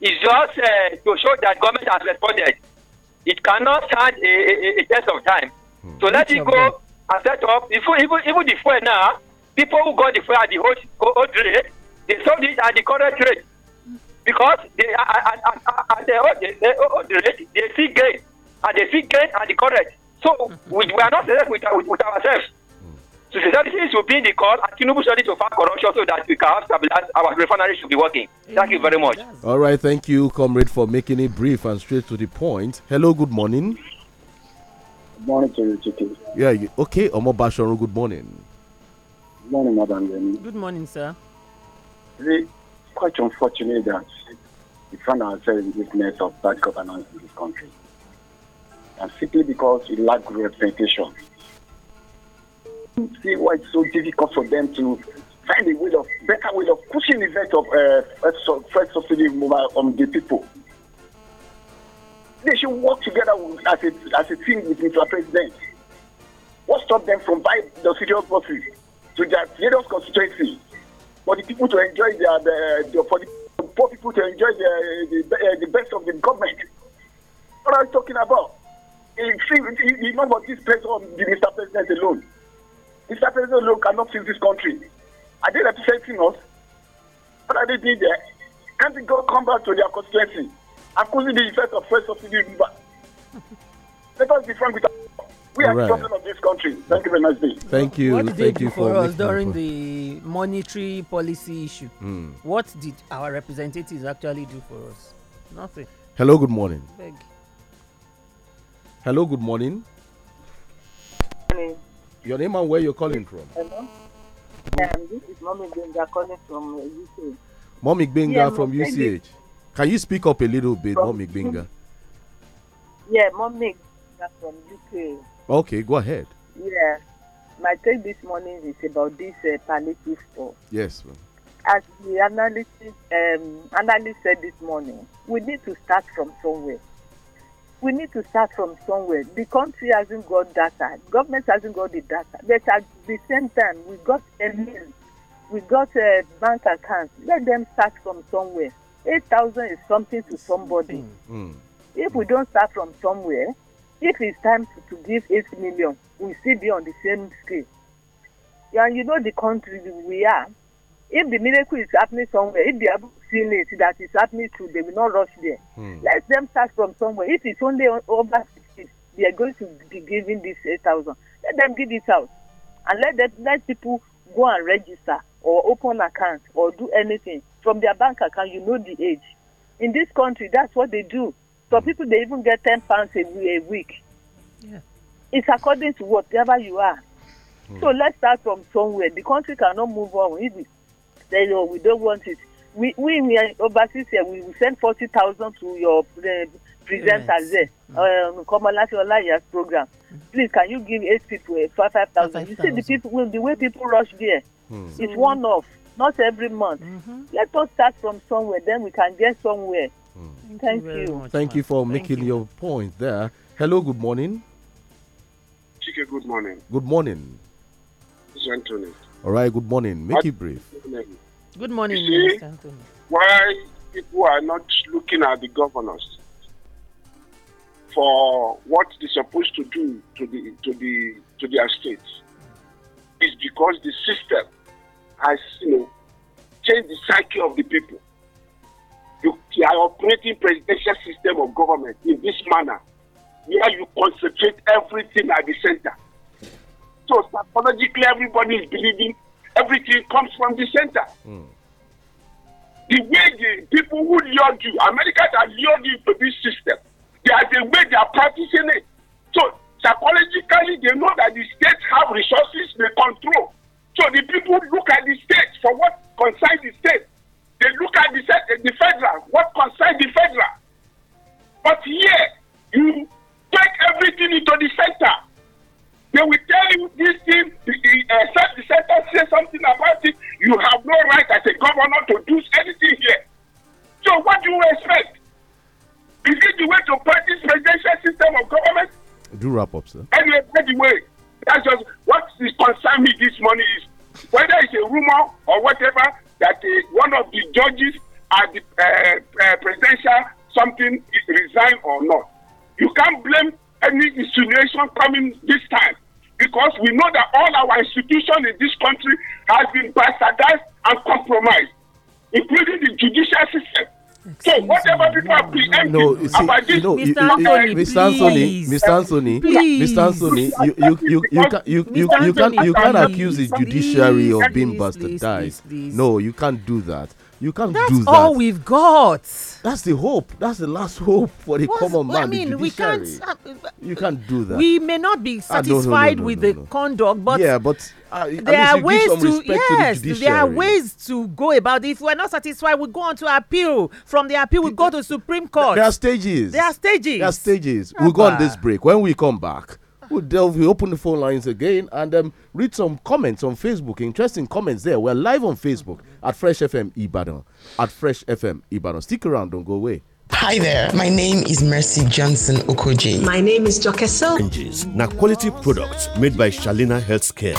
is just uh, to show that government has responded. It cannot stand a, a, a test of time. Hmm. So let it go and set up. even even, even the fuel now, people who got the fuel at the old, old rate, they sold it at the current rate. Because they at the old, the old rate, they see gain. And they see gain at the current. So mm-hmm. we, we are not left with, with, with ourselves sincerity should be in the court and Tinubu study to fight corruption so that we can have stability. our refinery should be working. Thank you very mm, much. All right, thank you, comrade, for making it brief and straight to the point. Hello, good morning. Good morning to you, Chiki. Yeah, you, okay, Omo Basharu, good morning. Good morning, Madam Good morning, sir. It's quite unfortunate that we find ourselves in this mess of bad governance in this country. And simply because we lack representation see why it's so difficult for them to find a way of better way of pushing the effect of uh, subsidy removal on the people. They should work together with, as a as a team with Mr. President. What stopped them from buying the of buses to their various constituency for the people to enjoy their the, the, for the poor people to enjoy the the, uh, the best of the government? What are you talking about? If, if, if, if not about this person, on Mr. President alone. Mr. President alone cannot fix this country. Are they representing us? What are they doing there? Can't they go come back to their constituency? Accusing the effect of first subsidy Let us be frank with us. We are right. children of this country. Thank you very much. Dave. Thank you. What Thank you for, for us during the monetary policy issue? Mm. What did our representatives actually do for us? Nothing. Hello, good morning. Beg. Hello, good morning. Your name and where you're calling from? Hello? Um, this is Mommy Benga calling from uh, UCH. Mommy Binga yeah, from UCH. Can you speak up a little bit, from Mommy Benga? Yeah, Mommy Binga from UK. Okay, go ahead. Yeah. My take this morning is about this uh, palliative store. Yes. As the analyst, um, analyst said this morning, we need to start from somewhere we need to start from somewhere. The country hasn't got data. Government hasn't got the data. But at the same time, we got emails, we got a uh, bank accounts. Let them start from somewhere. 8,000 is something to somebody. Mm. If we don't start from somewhere, if it's time to, to give 8 million, we'll still be on the same scale. And you know the country we are, if the miracle is happening somewhere if they have seen it that is happening too they will not rush there hmm. let them start from somewhere if it's only over sixty they are going to be giving this eight thousand let them give it out and let them let people go and register or open account or do anything from their bank account you know the age in this country that's what they do some hmm. people they even get ten pounds a week yeah. it's according to whatever you are hmm. so let's start from somewhere the country cannot move on if they we don't want it. We we in overseas here we send forty thousand to your uh, presenters there on mm. um, Komolati Olaya's program. Mm. Please can you give eight people eh, five five thousand? You see the people the way people rush there. Hmm. It's one off, not every month. Mm -hmm. Let us start from somewhere, then we can get somewhere. Hmm. Thank, Thank, you. you. Much, Thank you for Thank making you. your point there. Hello, good morning. Chike, good morning. Good morning. This is Anthony. All right, good morning. Make it brief. Good morning, Minister Anthony. Why people are not looking at the governors for what they're supposed to do to the to the to their states is because the system has you know changed the psyche of the people. You, you are operating presidential system of government in this manner, where you concentrate everything at the center shows psychologically, everybody is believing everything comes from the center. Mm. The way the people who lured you, Americans are lured you to this system. They are the way they are practicing it. So psychologically, they know that the states have resources they control. So the people look at the states for what concerns the state. They look at the, the federal, what concerns the federal. But here, you take everything into the center. They will tell you this thing, the, the uh, says say something about it. You have no right as a governor to do anything here. So what do you expect? Is it the way to practice presidential system of government? Do wrap up, sir. Anyway, by the way, that's just what is concerning me this morning is whether it's a rumor or whatever that uh, one of the judges at the uh, uh, presidential something is resigned or not. You can't blame any insinuation coming this time because we know that all our institutions in this country has been bastardized and compromised, including the judicial system. Excuse so whatever people are preempting no, see, about this, know, Mr. Mr. Anthony, Mr. Anthony, you you you you can you can't accuse the judiciary of being bastardized. No, you can't do that. You can't that's do that. That's all we've got. That's the hope. That's the last hope for the What's, common man. I mean, we can't. Uh, uh, you can't do that. We may not be satisfied ah, no, no, no, with the conduct, but yeah, but uh, there are ways to yes, to the there are ways to go about it. If we're not satisfied, we go on to appeal. From the appeal, we go to Supreme Court. There are stages. There are stages. There are stages. We'll go on this break. When we come back, we'll delve, we open the phone lines again and um, read some comments on Facebook. Interesting comments there. We're live on Facebook at Fresh FM Ibadan. At Fresh FM Ibadan. Stick around, don't go away. Hi there. My name is Mercy Johnson Okoji. My name is Jokesel. So. Na quality products made by Shalina Healthcare.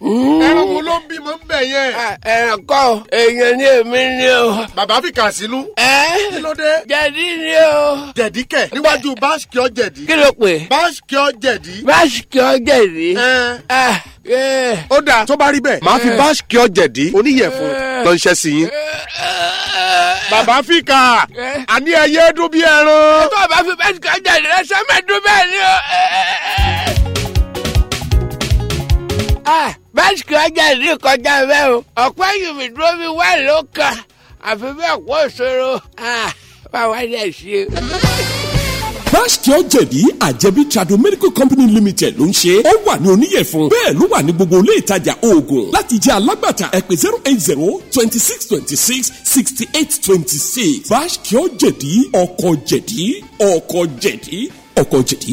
ẹran wo ló ń bímọ ń bẹ̀ yẹn. Ah, ẹran kọ́ èèyàn ni èmi ni o. bàbá fi kà sínú. ẹ kí ló dé. jẹ̀dí ni o. jẹ̀dí kẹ̀ níwájú báṣkìọ́ jẹ̀dí. kí ló pè. báṣkìọ́ jẹ̀dí. báṣkìọ́ jẹ̀dí. ó dáa tó bá rí bẹ́ẹ̀ máa fi báṣkìọ́ jẹ̀dí oníyẹ̀fun lọ́nṣẹ́ sí yín bàbá fìkà àní ẹyẹ dún bí ẹran. tó o bá fi bẹ́ẹ̀ jẹ̀dí rẹ sẹ́mẹ̀ dún bẹ́ẹ̀ ni o báṣìkì ọjà ní ìkọjá bẹ́ẹ̀ o ọ̀pẹ́ yìí dúró mi wá ló àfi bẹ́ẹ̀ kó ṣòro ah, bá wá dẹ̀ ṣe. Báṣkì ọ̀jẹ̀bí àjẹbí Trado Medical Company Limited ló ń ṣe. Ó wà ní oníyẹ̀fun. Bẹ́ẹ̀ ló wà ní gbogbo ilé ìtajà oògùn. Láti jẹ́ alágbàtà ẹ̀pẹ̀ zero eight zero twenty six twenty six sixty eight twenty six. Báṣkì ọ̀jẹ̀bí ọkọ̀ jẹ̀dí ọkọ̀ jẹ̀dí ọkọ̀ jẹ̀dí.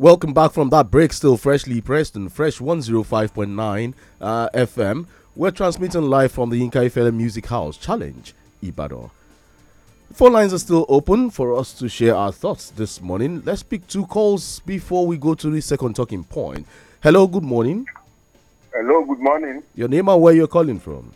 Welcome back from that break, still freshly pressed and fresh 105.9 uh, FM. We're transmitting live from the Inka Ifele Music House Challenge, Ibadan. Phone lines are still open for us to share our thoughts this morning. Let's pick two calls before we go to the second talking point. Hello, good morning. Hello, good morning. Your name and where you're calling from?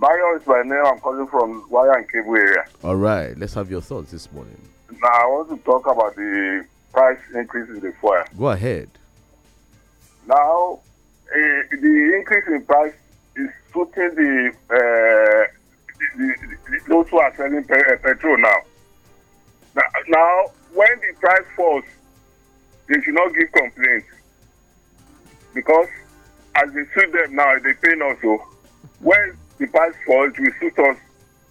Bayo is my name. I'm calling from Wire and Cable area. All right, let's have your thoughts this morning. Now, I want to talk about the price increase in the fuel. Go ahead. Now, uh, the increase in price is putting the, uh, the, the, those who are selling pe uh, petrol now. now. Now, when the price falls, they should not give complaints because as they suit them now, they pay also. When the price falls, it will suit us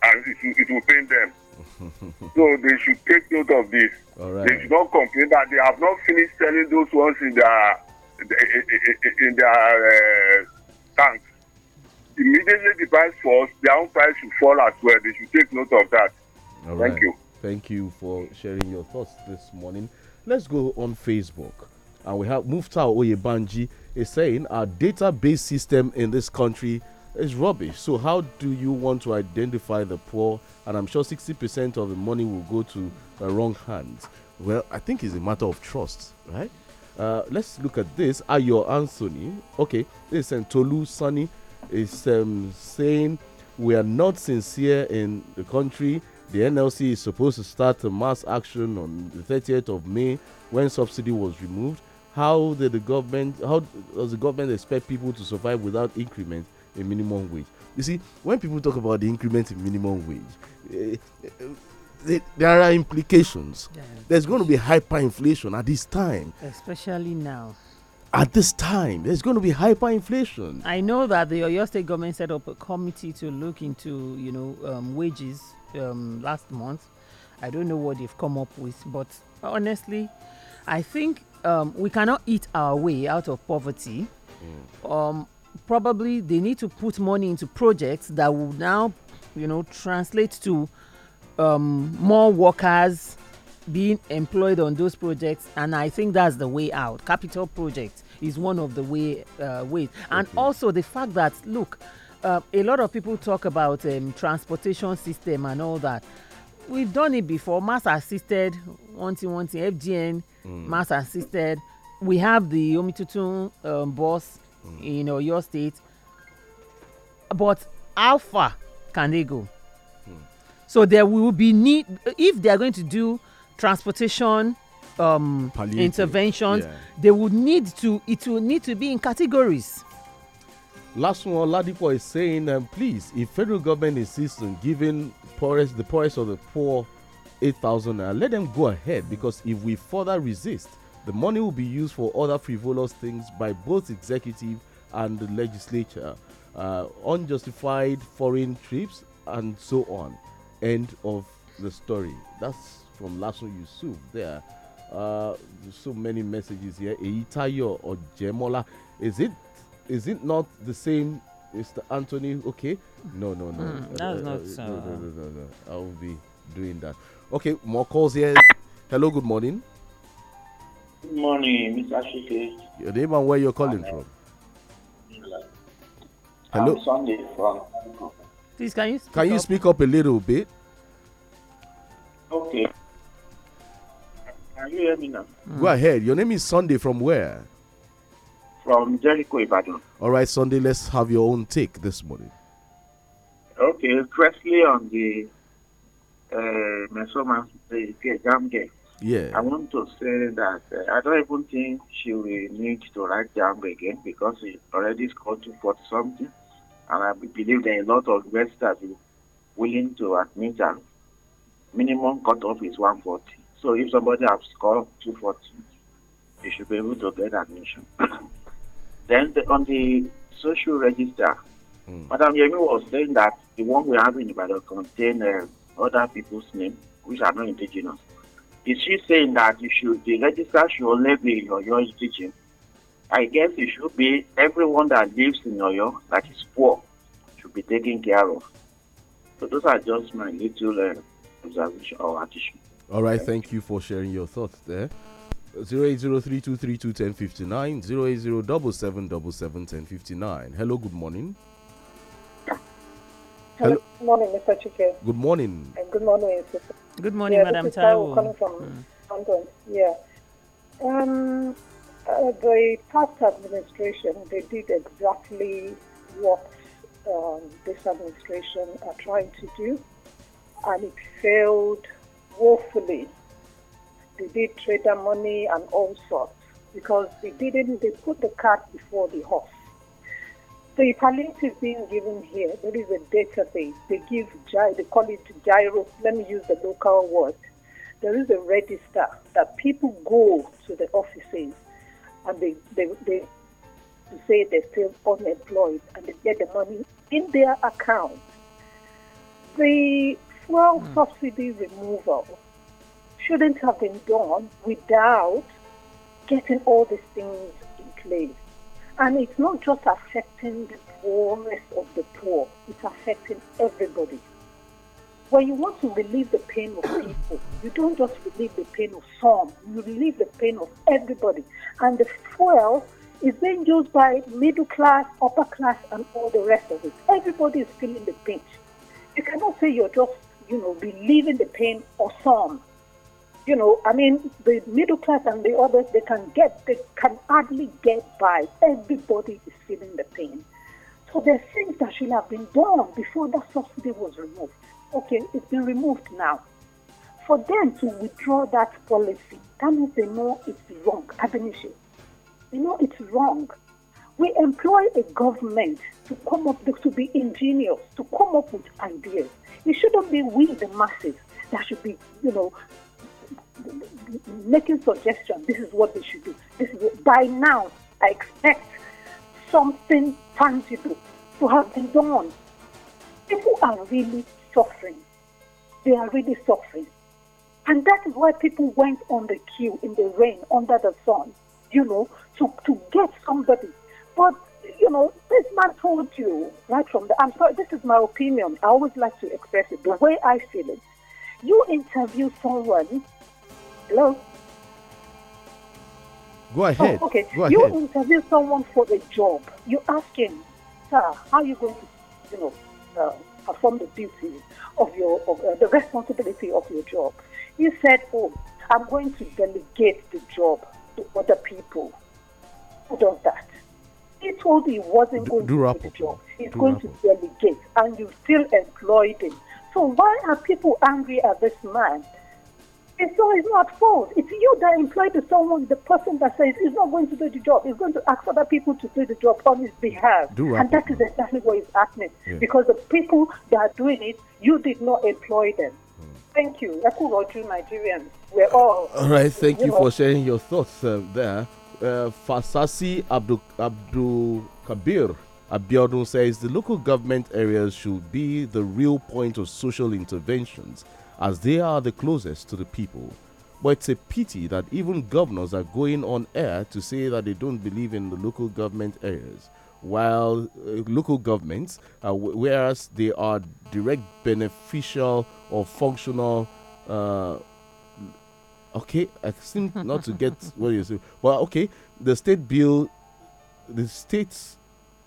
and it will, it will pain them. so they should take note of this. All right. They should not complain that they have not finished selling those ones in their in their uh, tanks. Immediately the price falls, their own price should fall as well. They should take note of that. All Thank right. you. Thank you for sharing your thoughts this morning. Let's go on Facebook. And we have Muftau Oyebanji is saying our database system in this country is rubbish. So how do you want to identify the poor? And I'm sure 60% of the money will go to the uh, wrong hands. Well, I think it's a matter of trust, right? Uh, let's look at this. Are Ayo Anthony, okay, this and Tolu Sunny is um, saying we are not sincere in the country. The NLC is supposed to start a mass action on the 30th of May when subsidy was removed. How did the government? How does the government expect people to survive without increment? in minimum wage. You see, when people talk about the increment in minimum wage, uh, uh, there are implications. Yeah. There's going to be hyperinflation at this time, especially now. At this time, there's going to be hyperinflation. I know that the Oyo State government set up a committee to look into, you know, um, wages um, last month. I don't know what they've come up with, but honestly, I think um, we cannot eat our way out of poverty. Mm. Um, probably they need to put money into projects that will now, you know, translate to um, more workers being employed on those projects. And I think that's the way out. Capital projects is one of the way uh, ways, and also the fact that look, uh, a lot of people talk about um, transportation system and all that. We've done it before. Mass assisted, one thing, one thing, FGN, mm. mass assisted. We have the Omitutun um, bus mm. in your state but how far can they go mm. so there will be need if they are going to do transportation um, interventions yeah. they would need to it will need to be in categories last one ladipo is saying um, please if federal government insists on giving poorest the poorest of the poor 8000 let them go ahead because if we further resist the money will be used for other frivolous things by both executive and the legislature, uh, unjustified foreign trips, and so on. End of the story. That's from Lasso Yusuf there. Uh, so many messages here. Eitayo or Jemola. Is it is it not the same Mr. Anthony? Okay. No, no, no. Mm, that uh, not uh, so. No, no, no, no, no. I will be doing that. Okay, more calls here. Hello, good morning. Good morning, Mr. Shike. Your name and where you're calling from? Hello? I'm Sunday from Please, can you speak Can you up? speak up a little bit? Okay. Can you hear me now? Hmm. Go ahead. Your name is Sunday from where? From Jericho, Ibadan. All right, Sunday, let's have your own take this morning. Okay, firstly on the uh, Mesoma, the game. Yeah. I want to say that uh, I don't even think she will need to write down again because she already scored forty something. And I believe there are a lot of investors willing to admit that minimum cutoff is 140. So if somebody has scored 240, they should be able to get admission. then the, on the social register, mm. Madam Yemi was saying that the one we have in Ibadan contains uh, other people's names which are not indigenous. Is she saying that you should the register should only be in Oyo region? I guess it should be everyone that lives in Oyo that is poor should be taken care of. So those are just my little uh, observation or addition. All right, thank you for sharing your thoughts there. 08032321059 08077771059 Hello, good morning. Hello. Good morning, Mr. Chike. Good morning. And good morning, sister. Good morning, yeah, Madam Taiwo. coming from mm. London. Yeah. Um, uh, the past administration, they did exactly what um, this administration are trying to do, and it failed woefully. They did trader money and all sorts because they didn't. They put the cart before the horse. So if a link is being given here, there is a database. They give, they call it gyro. Let me use the local word. There is a register that people go to the offices and they, they, they say they're still unemployed and they get the money in their account. The fuel mm. subsidy removal shouldn't have been done without getting all these things in place. And it's not just affecting the poorest of the poor, it's affecting everybody. When you want to relieve the pain of people, you don't just relieve the pain of some, you relieve the pain of everybody. And the fuel is being used by middle class, upper class, and all the rest of it. Everybody is feeling the pinch. You cannot say you're just, you know, relieving the pain of some you know, I mean, the middle class and the others, they can get, they can hardly get by. Everybody is feeling the pain. So there's things that should have been done before that subsidy was removed. Okay, it's been removed now. For them to withdraw that policy, that means they know it's wrong. I Abinishi. They know it's wrong. We employ a government to come up, to be ingenious, to come up with ideas. It shouldn't be we, the masses, that should be, you know, making suggestions. This is what they should do. This is what, by now, I expect something tangible to have been done. People are really suffering. They are really suffering. And that is why people went on the queue in the rain, under the sun, you know, to, to get somebody. But, you know, this man told you right from the, I'm sorry, this is my opinion. I always like to express it the way I feel it. You interview someone Hello? Go oh, ahead. Oh, okay. Go you ahead. interview someone for a job. You ask him, sir, how are you going to, you know, uh, perform the duty of your, of, uh, the responsibility of your job? He said, oh, I'm going to delegate the job to other people. Who does that? He told you he wasn't going do, do to do the job. He's do going to delegate, and you still employed him. So why are people angry at this man? And so it's not fault. It's you that employed the someone, the person that says he's not going to do the job. He's going to ask other people to do the job on his behalf. Do and that is exactly what is happening. Yeah. Because the people that are doing it, you did not employ them. Hmm. Thank you. Ekuroju Nigerians. We're all. All right. Thank you, you for sharing your thoughts uh, there. Uh, Fasasi Abdul, Abdul Kabir Abiodun says the local government areas should be the real point of social interventions as they are the closest to the people. But it's a pity that even governors are going on air to say that they don't believe in the local government areas, while uh, local governments, uh, whereas they are direct beneficial or functional. Uh, okay, I seem not to get what you say. Well, okay, the state bill, the states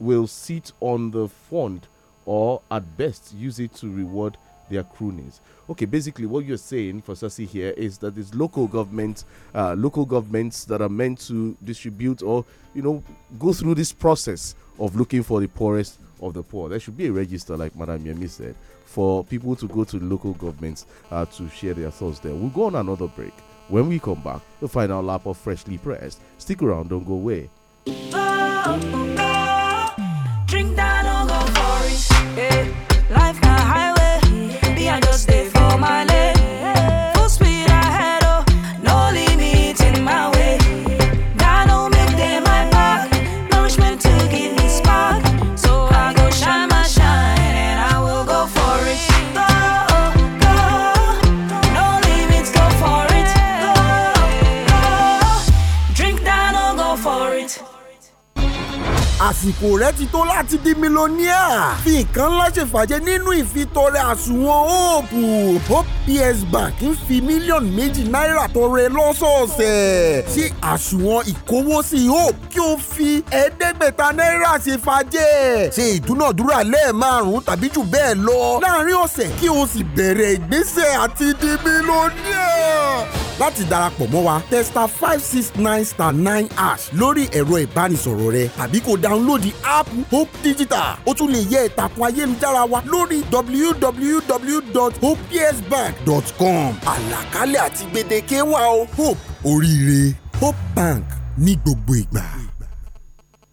will sit on the fund or at best use it to reward their cronies okay, basically what you're saying for Sasi here is that it's local government, uh, local governments that are meant to distribute or you know go through this process of looking for the poorest of the poor. There should be a register, like Madam Yemi said, for people to go to local governments uh, to share their thoughts there. We'll go on another break. When we come back, we will find our lap of freshly pressed. Stick around, don't go away. Oh, oh, oh. it. àsìkò rẹ ti tó láti di mílíọ̀nìà fi nǹkan ńlá ṣèfàjẹ nínú ìfitọrẹ àsùnwọ̀n hope hope ps bank ń fi mílíọ̀nù méjì náírà tọrẹ lọ́sọ̀ọ̀sẹ̀ sí àsùnwọ̀n ìkówósí hope kí o fi ẹ̀ẹ́dẹ́gbẹ̀ta náírà ṣèfàjẹ ṣe ìdúnàdúrà lẹ́ẹ̀márùn tàbí jù bẹ́ẹ̀ lọ láàárín ọ̀sẹ̀ kí o sì bẹ̀rẹ̀ ìgbésẹ̀ àti di mílíọ̀nìà láti darapọ̀ mọ́ wa tẹ star five six nine star nine hash lórí ẹ̀rọ ìbánisọ̀rọ̀ rẹ tàbí kó download the app hope digital O tún lè yẹ ìtàkùn ayélujára wa lórí www.hopesbank.com àlàkalẹ̀ àti gbèdéke wa o hope oríire hope bank ní gbogbo ìgbà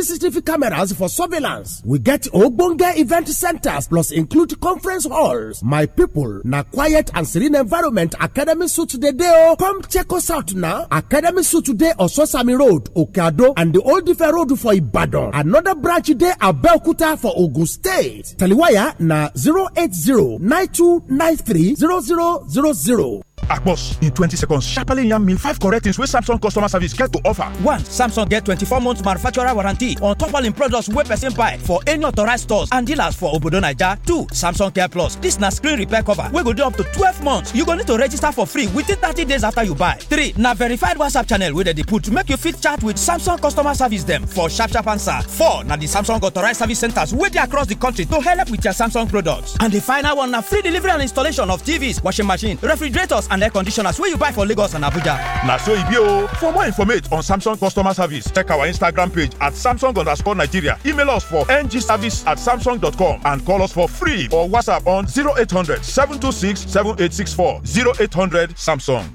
CCTV cameras for surveillance. We get ogbonge event centers plus include conference halls. My people, na quiet and serene environment Academy Suit today. dey Come check us out now. Academy Suit dey Ososami Road, Okeado and the Old Ife Road for Ibadan. Another branch dey Abeokuta for Ogun State. Taliwaya na 080 9293 0000. At boss, in twenty seconds sharparly yarn me five correct things wey samsung customer service get to offer one samsung get twenty-four month manufacturer warranty on top all im products wey person buy for any authorized stores and dealers for obodo naija two samsung care plus This na screen repair cover wey go dey up to twelve months you go need to register for free within thirty days after you buy three na verified whatsapp channel wey dem dey put make you fit chat with samsung customer service dem for sharp sharp answer four na the samsung authorized service centers wey dey across the country to help with your samsung products and the final one na free delivery and installation of tvs washing machine refrigerators and air conditioners wey you buy for lagos and abuja na so e be o for more information on samsung customer service check our instagram page at samsung underscore nigeria email us for ngservice at samsung.com and call us for free or whatsapp on 0800 726 7864 0800 samsung.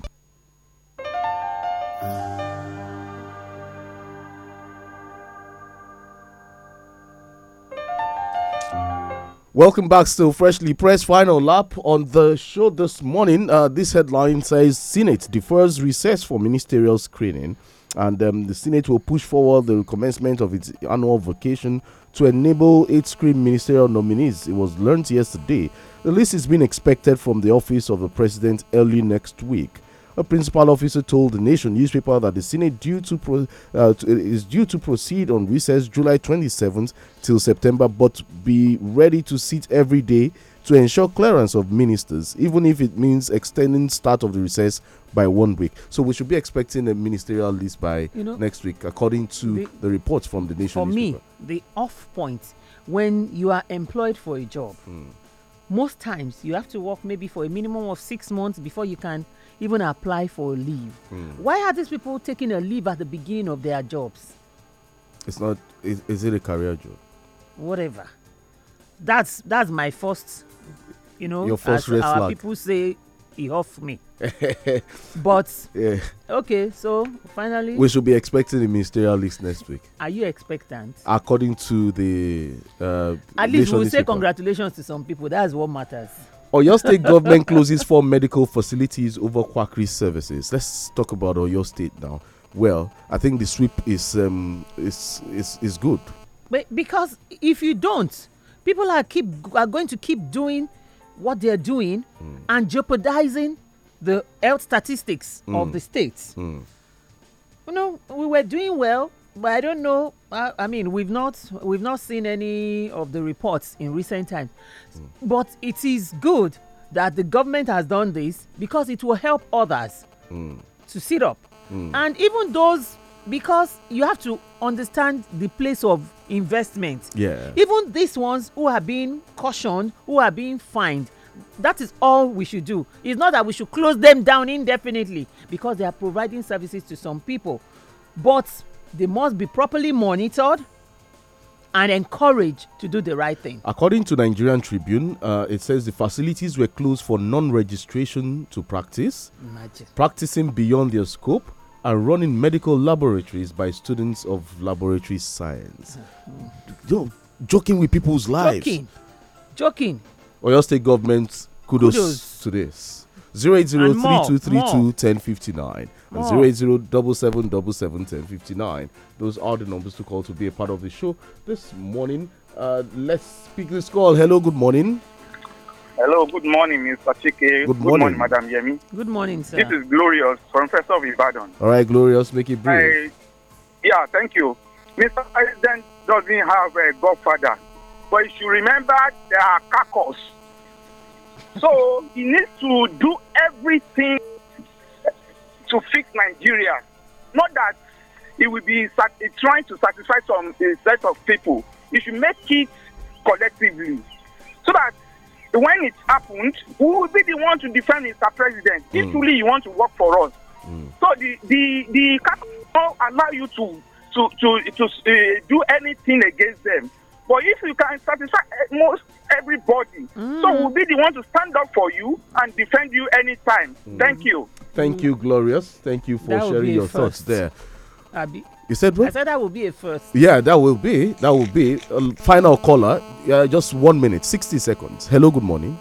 Welcome back, still freshly pressed. Final lap on the show this morning. Uh, this headline says Senate defers recess for ministerial screening, and um, the Senate will push forward the commencement of its annual vacation to enable eight screen ministerial nominees. It was learned yesterday. The list is being expected from the office of the president early next week. A principal officer told the Nation newspaper that the Senate due to, pro, uh, to is due to proceed on recess July 27th till September, but be ready to sit every day to ensure clearance of ministers, even if it means extending start of the recess by one week. So we should be expecting a ministerial list by you know, next week, according to the, the reports from the nation. For newspaper. me, the off point when you are employed for a job, mm. most times you have to work maybe for a minimum of six months before you can even apply for a leave. Mm. Why are these people taking a leave at the beginning of their jobs? It's not. Is, is it a career job? Whatever. That's that's my first. You know, your first as our flag. people say, he off me. but yeah. okay, so finally we should be expecting the ministerial list next week. Are you expectant? According to the uh, at least we'll say congratulations to some people. That's what matters. Oyo State government closes four medical facilities over quackery services. Let's talk about Oyo State now. Well, I think the sweep is um, is, is is good. But because if you don't, people are keep are going to keep doing what they're doing mm. and jeopardizing the health statistics mm. of hmm. the state. Mm. You know, we were doing well but I don't know. I, I, mean, we've not we've not seen any of the reports in recent times, mm. but it is good that the government has done this because it will help others mm. to sit up, mm. and even those because you have to understand the place of investment. Yeah. Even these ones who are being cautioned, who are being fined, that is all we should do. It's not that we should close them down indefinitely because they are providing services to some people, but they must be properly monitored and encouraged to do the right thing. According to Nigerian Tribune, uh, it says the facilities were closed for non-registration to practice, Imagine. practicing beyond their scope, and running medical laboratories by students of laboratory science. Mm-hmm. You're joking with people's lives. Joking, joking. Oyo State government kudos, kudos to this. 080 and 080 Those are the numbers to call to be a part of the show this morning. Uh, let's speak this call. Hello, good morning. Hello, good morning, Mr. Chike. Good, good morning. morning. Madam Yemi. Good morning, sir. This is Glorious, Professor of Ibadan. All right, Glorious, make it brief. yeah, thank you. Mr. President doesn't have a godfather, but you should remember there are cacos so he needs to do everything to fix Nigeria. Not that he will be trying to satisfy some set of people. He should make it collectively so that when it happened, who will be the one to defend Mr. President. Mm. If truly you want to work for us, mm. so the the the will allow you to to to to uh, do anything against them. But if you can satisfy eh, most everybody. Mm. So we'll be the one to stand up for you and defend you anytime. Mm. Thank you. Thank you, Glorious. Thank you for sharing your thoughts there. Abby. You said what? I said that will be a first. Yeah, that will be. That will be. Uh, final caller. Yeah, just one minute, 60 seconds. Hello, good morning.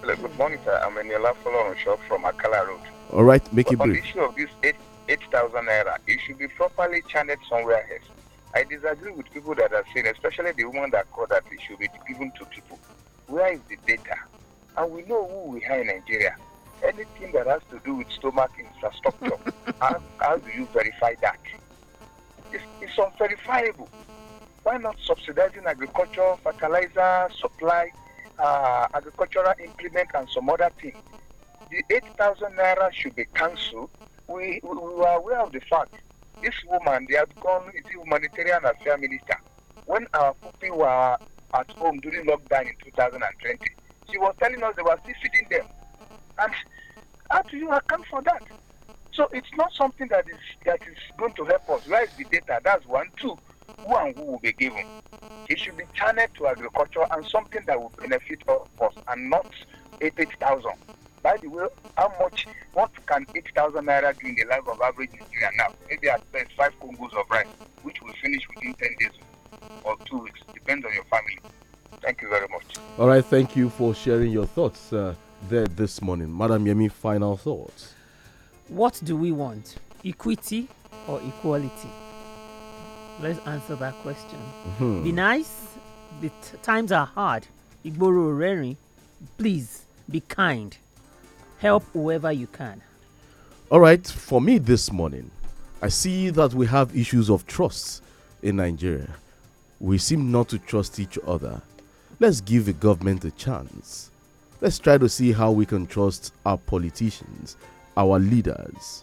Hello, good morning, sir. I'm in on shop from Akala Road. All right, make but it brief. On the issue of this 8,000 8, naira, it should be properly channeled somewhere else. I disagree with people that are saying, especially the woman that called that it should be given to people. Where is the data? And we know who we are in Nigeria. Anything that has to do with stomach infrastructure, how, how do you verify that? It's, it's unverifiable. Why not subsidizing agriculture, fertilizer, supply, uh, agricultural implement, and some other things? The 8,000 naira should be cancelled. We, we, we are aware of the fact this woman, they had gone, humanitarian affairs minister. When our people were at home during lockdown in 2020, she was telling us they were still feeding them. And how do you account for that? So it's not something that is that is going to help us. Where is the data? That's one. Two, who and who will be given? It should be channeled to agriculture and something that will benefit us and not 8,000 by the way, how much, what can 8,000 naira do in the life of average Nigerian now? Maybe I spend five Congos of rice, which will finish within 10 days or two weeks. Depends on your family. Thank you very much. All right, thank you for sharing your thoughts uh, there this morning. Madam Yemi, final thoughts. What do we want? Equity or equality? Let's answer that question. Mm -hmm. Be nice. The times are hard. Igboro Rering, please be kind help whoever you can. All right, for me this morning, I see that we have issues of trust in Nigeria. We seem not to trust each other. Let's give the government a chance. Let's try to see how we can trust our politicians, our leaders.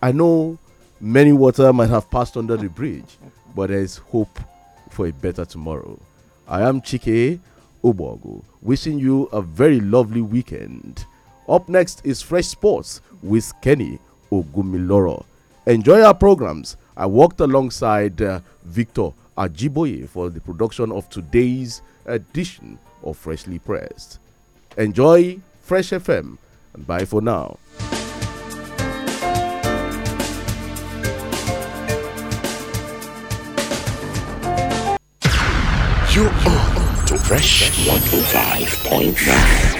I know many water might have passed under the bridge, but there is hope for a better tomorrow. I am Chike Obogo, wishing you a very lovely weekend. Up next is Fresh Sports with Kenny Ogumiloro. Enjoy our programs. I worked alongside uh, Victor Ajiboye for the production of today's edition of Freshly Pressed. Enjoy Fresh FM and bye for now. You are on to Fresh 105.9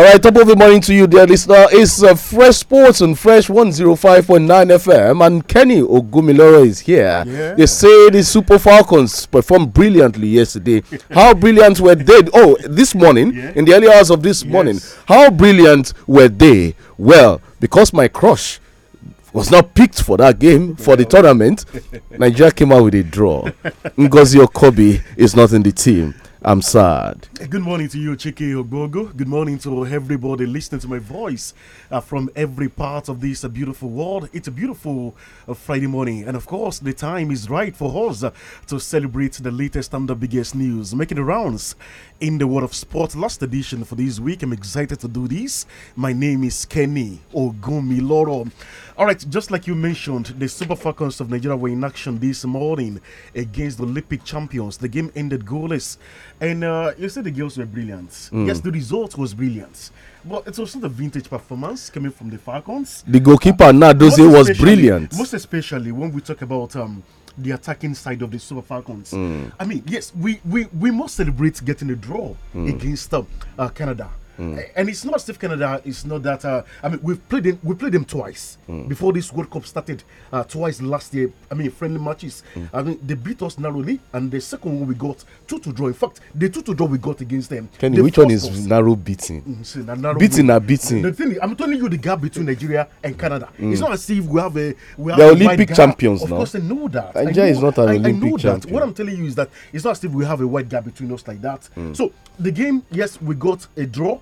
All right, top of the morning to you, dear listener. It's uh, Fresh Sports and Fresh 105.9 FM, and Kenny Ogumiloro is here. Yeah. They say the Super Falcons performed brilliantly yesterday. How brilliant were they? Oh, this morning, yeah. in the early hours of this yes. morning, how brilliant were they? Well, because my crush was not picked for that game for the tournament. Nigeria came out with a draw. Ngozi Okobi is not in the team. I'm sad. Good morning to you, Chike Ogogo. Good morning to everybody listening to my voice uh, from every part of this uh, beautiful world. It's a beautiful uh, Friday morning, and of course, the time is right for us uh, to celebrate the latest and the biggest news making the rounds in the world of sport. Last edition for this week. I'm excited to do this. My name is Kenny Ogumiloro. All right, just like you mentioned, the Super Falcons of Nigeria were in action this morning against the Olympic champions. The game ended goalless, and uh, you said the girls were brilliant. Mm. Yes, the result was brilliant. But it's also the vintage performance coming from the Falcons. The goalkeeper, uh, Nadoze, was brilliant. Most especially when we talk about um, the attacking side of the Super Falcons. Mm. I mean, yes, we, we, we must celebrate getting a draw mm. against uh, Canada. Mm. And it's not Steve Canada. It's not that. Uh, I mean, we've played them. We played them twice mm. before this World Cup started. Uh, twice last year. I mean, friendly matches. Mm. I mean, they beat us narrowly, and the second one we got two to draw. In fact, the two to draw we got against them. Kenny, the which one is us, narrow beating? Mm, see, narrow beating beat. are beating. The thing is, I'm telling you the gap between mm. Nigeria and Canada. It's mm. not as if we have a we have the Olympic champions now. Of course, I know that. Nigeria is not an I, Olympic I know champion. That. What I'm telling you is that it's not as if we have a wide gap between us like that. So the game, yes, we got a draw.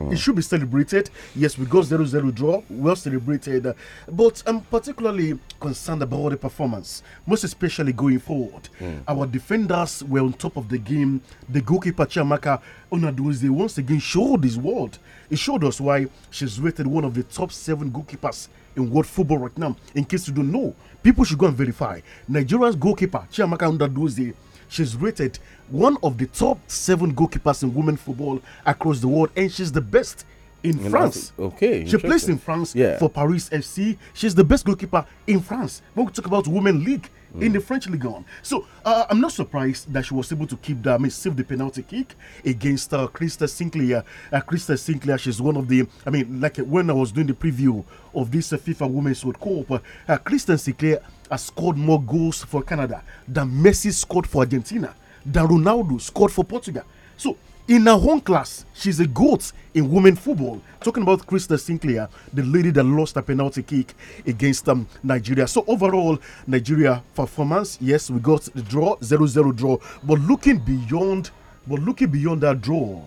It should be celebrated. Yes, we got 0 0 draw, well celebrated. But I'm particularly concerned about the performance, most especially going forward. Mm. Our defenders were on top of the game. The goalkeeper, Chiamaka Onaduze, once again showed his world. It showed us why she's rated one of the top seven goalkeepers in world football right now. In case you don't know, people should go and verify. Nigeria's goalkeeper, Chiamaka Onaduze, She's rated one of the top seven goalkeepers in women football across the world, and she's the best in, France. Okay. She plays in France yeah. for Paris FC. She's the best goalkeeper in France. When we talk about women league mm. in the mm. French league on, so uh, I'm not surprised that she was able to keep that. I mean, save the penalty kick against uh, Krista Sinclair. Uh, Krista Sinclair, she's one of the. I mean, like when I was doing the preview of this uh, FIFA Women's World Cup, uh, Krista Sinclair has scored more goals for Canada than Messi scored for Argentina, than Ronaldo scored for Portugal. So, in her own class, she's a goat in women football. Talking about Krista Sinclair, the lady that lost a penalty kick against um, Nigeria. So, overall, Nigeria performance, yes, we got the draw, 0 0 draw. But looking beyond, but looking beyond that draw,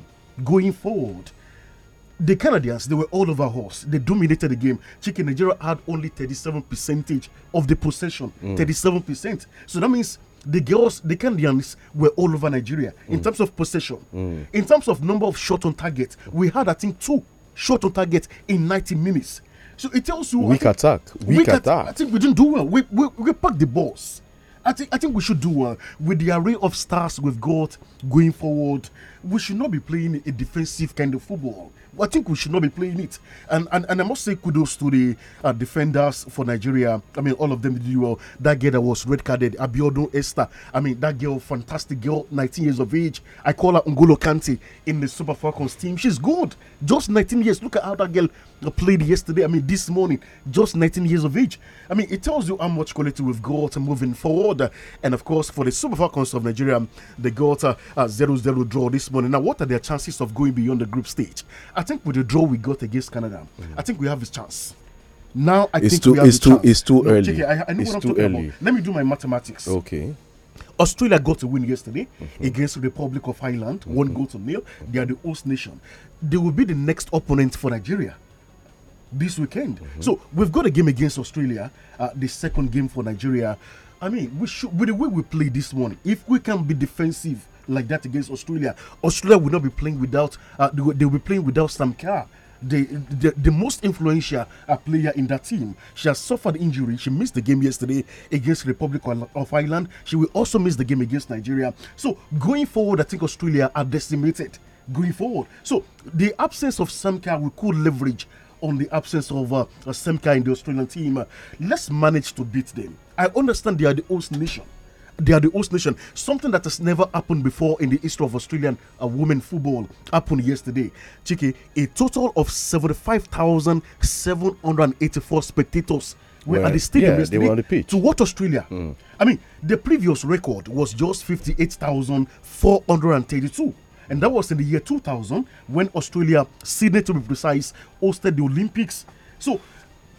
going forward, the Canadians, they were all over horse. They dominated the game. Chicken Nigeria had only 37 percentage of the possession, mm. 37 percent. So that means the girls, the Canadians were all over Nigeria in mm. terms of possession. Mm. In terms of number of shot on target, we had I think two shot on target in 90 minutes. So it tells you weak attack, weak, weak attack. At, I think we didn't do well. We we, we packed the balls. I think I think we should do well with the array of stars we've got going forward. We should not be playing a defensive kind of football. I think we should not be playing it. And and, and I must say kudos to the uh, defenders for Nigeria. I mean, all of them did well. That girl that was red carded, Abiodun Esther. I mean, that girl, fantastic girl, 19 years of age. I call her Ungulo Kante in the Super Falcons team. She's good. Just 19 years. Look at how that girl uh, played yesterday. I mean, this morning, just 19 years of age. I mean, it tells you how much quality we've got moving forward. And of course, for the Super Falcons of Nigeria, they got a 0 0 draw this morning. Now, what are their chances of going beyond the group stage? I think with the draw we got against Canada, mm. I think we have a chance. Now I it's think too, we have it's a too chance. it's too no, early. I, I know it's what I'm early. about. Let me do my mathematics. Okay. Australia got a win yesterday mm -hmm. against the Republic of Ireland, mm -hmm. one goal to nil. They are the host nation. They will be the next opponent for Nigeria this weekend. Mm -hmm. So we've got a game against Australia, uh, the second game for Nigeria. I mean, we should, with the way we play this one, if we can be defensive like that against Australia. Australia will not be playing without uh, they, will, be playing without Sam Kerr. The, the, the, most influential uh, player in that team. She has suffered injury. She missed the game yesterday against Republic of Ireland. She will also miss the game against Nigeria. So going forward, I think Australia are decimated going forward. So the absence of Samka we could leverage on the absence of uh, Samka in the Australian team. Uh, let's manage to beat them. I understand they are the host nation. They are the host nation. Something that has never happened before in the history of Australian uh, women football happened yesterday. Chiki, a total of 75,784 spectators were right. at the stadium yeah, yesterday they were on the pitch. to watch Australia. Mm. I mean, the previous record was just 58,432 and that was in the year 2000 when Australia, Sydney to be precise, hosted the Olympics. So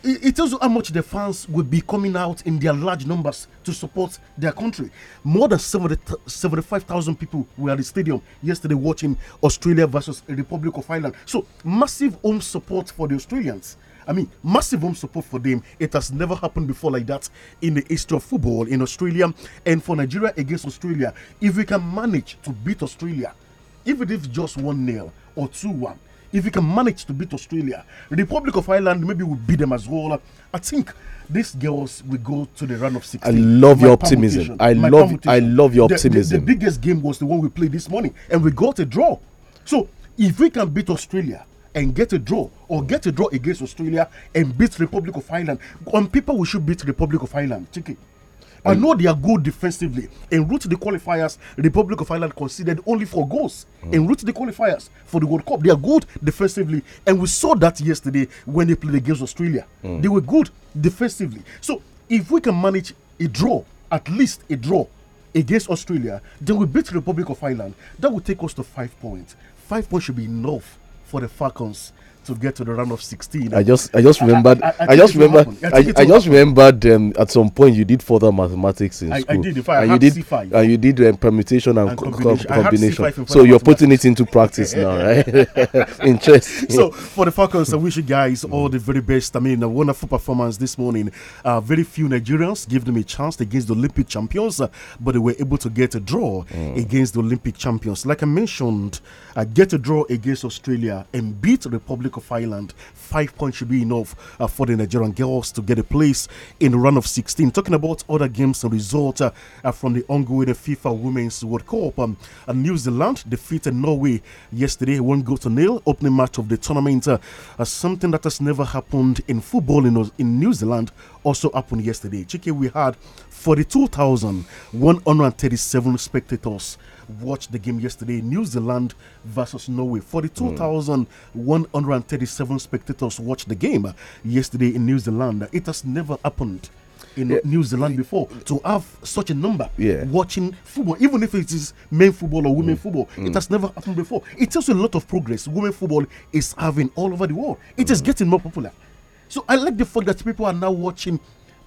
it tells you how much the fans will be coming out in their large numbers to support their country. More than 75,000 people were at the stadium yesterday watching Australia versus Republic of Ireland. So, massive home support for the Australians. I mean, massive home support for them. It has never happened before like that in the history of football in Australia and for Nigeria against Australia. If we can manage to beat Australia, even if just 1 0 or 2 1, if we can manage to beat Australia, Republic of Ireland maybe will beat them as well. I think these girls will go to the round of 16. I love my your optimism. I love I love your optimism. The, the biggest game was the one we played this morning, and we got a draw. So if we can beat Australia, and get a draw or get a draw against Australia and beat Republic of Ireland. On people we should beat Republic of Ireland. Chicken. I know they are good defensively. En route the qualifiers, Republic of Ireland conceded only four goals. Mm. En route the qualifiers for the World Cup, they are good defensively. And we saw that yesterday when they played against Australia. Mm. They were good defensively. So if we can manage a draw, at least a draw against Australia, then we beat Republic of Ireland. That will take us to five points. Five points should be enough for the Falcons to get to the round of 16. I just I just remembered I, I, I, I just remember I, I, just remembered um, at some point you did further mathematics in school. I did if I and you did C5. and you did um, permutation and, and combination. So you're putting it into practice now, right? Interesting. So for the Falcons, I wish you guys all the very best. I mean, a wonderful performance this morning. Uh, very few Nigerians gave them a chance against the Olympic champions, uh, but they were able to get a draw mm. against the Olympic champions. Like I mentioned, uh, get a draw against Australia and beat Republic of Five points should be enough uh, for the Nigerian girls to get a place in the run of 16. Talking about other games and results uh, uh from the ongoing FIFA Women's World Cup, um, uh, New Zealand defeated Norway yesterday, one goal to nil, opening match of the tournament. Uh, something that has never happened in football in, in New Zealand also happened yesterday. it, we had 42,137 spectators watched the game yesterday New Zealand versus Norway. Hmm. 42,137 mm. spectators watched the game yesterday in New Zealand. It has never happened in yeah. New Zealand before to have such a number yeah. watching football, even if it is men football or women mm. football. Mm. It hmm. has never happened before. It tells a lot of progress women football is having all over the world. It mm. is hmm. getting more popular. So I like the fact that people are now watching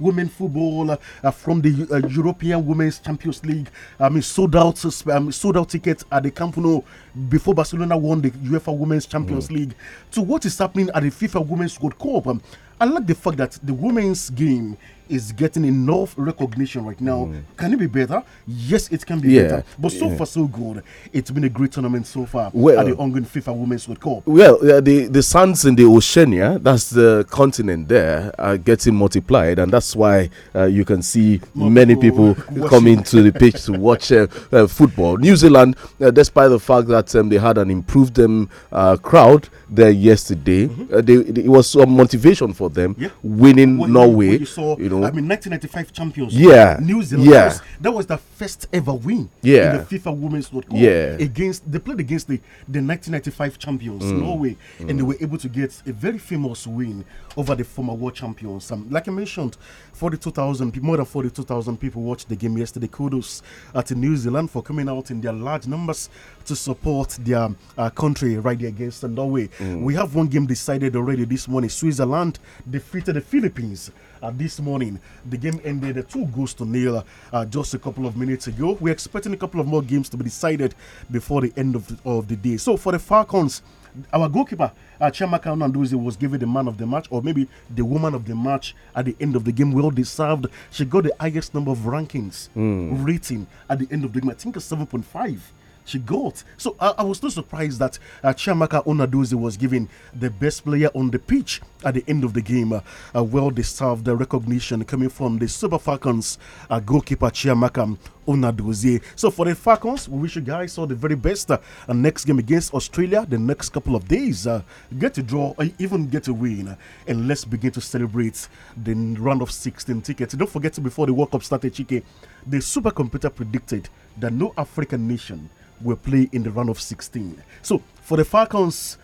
women football uh, uh, from the uh, European Women's Champions League. Um, I mean, sold out uh, um, sold out tickets at the Camp Nou before Barcelona won the UEFA Women's Champions mm. League. To so what is happening at the FIFA Women's World Cup? Um, I like the fact that the women's game is getting enough recognition right now. Mm. Can it be better? Yes, it can be yeah. better. But so yeah. far, so good. It's been a great tournament so far well, at the ongoing FIFA Women's World Cup. Well, the, the sands in the Oceania, that's the continent there, are getting multiplied. And that's why uh, you can see many people coming to the pitch to watch uh, uh football. New Zealand, uh, despite the fact that um, they had an improved um, uh, crowd there yesterday, mm -hmm. they, they, it was some motivation for them yeah. winning Norway. you, saw, you know, I mean, 1995 champions. Yeah. New Zealand. Yeah. Was, that was the first ever win. Yeah. In the FIFA Women's World Cup. Yeah. Against they played against the, the 1995 champions mm. Norway, mm. and they mm. were able to get a very famous win over the former world champions. Um, like I mentioned, 42,000 more than 42,000 people watched the game yesterday. Kudos at uh, New Zealand for coming out in their large numbers to support their uh, country right there against Norway. Mm. We have one game decided already this morning. Switzerland defeated the Philippines uh, this morning. The game ended two goals to nil uh, just a couple of minutes ago. We're expecting a couple of more games to be decided before the end of the, of the day. So for the Falcons, our goalkeeper, uh, Chiamaka Nanduzi, was given the man of the match, or maybe the woman of the match at the end of the game. Well deserved. She got the highest number of rankings mm. rating at the end of the game. I think a 7.5 she got. So I, I was not surprised that uh, Chiamaka Onadozi was given the best player on the pitch at the end of the game. Uh, well deserved recognition coming from the Super Falcons uh, goalkeeper Chiamaka Onadozi. So for the Falcons, we wish you guys all the very best. Uh, next game against Australia, the next couple of days, uh, get a draw or uh, even get a win, uh, and let's begin to celebrate the round of 16 tickets. Don't forget before the World Cup started, Chike, the supercomputer predicted that no African nation will play in the round of 16. So for the Falcons,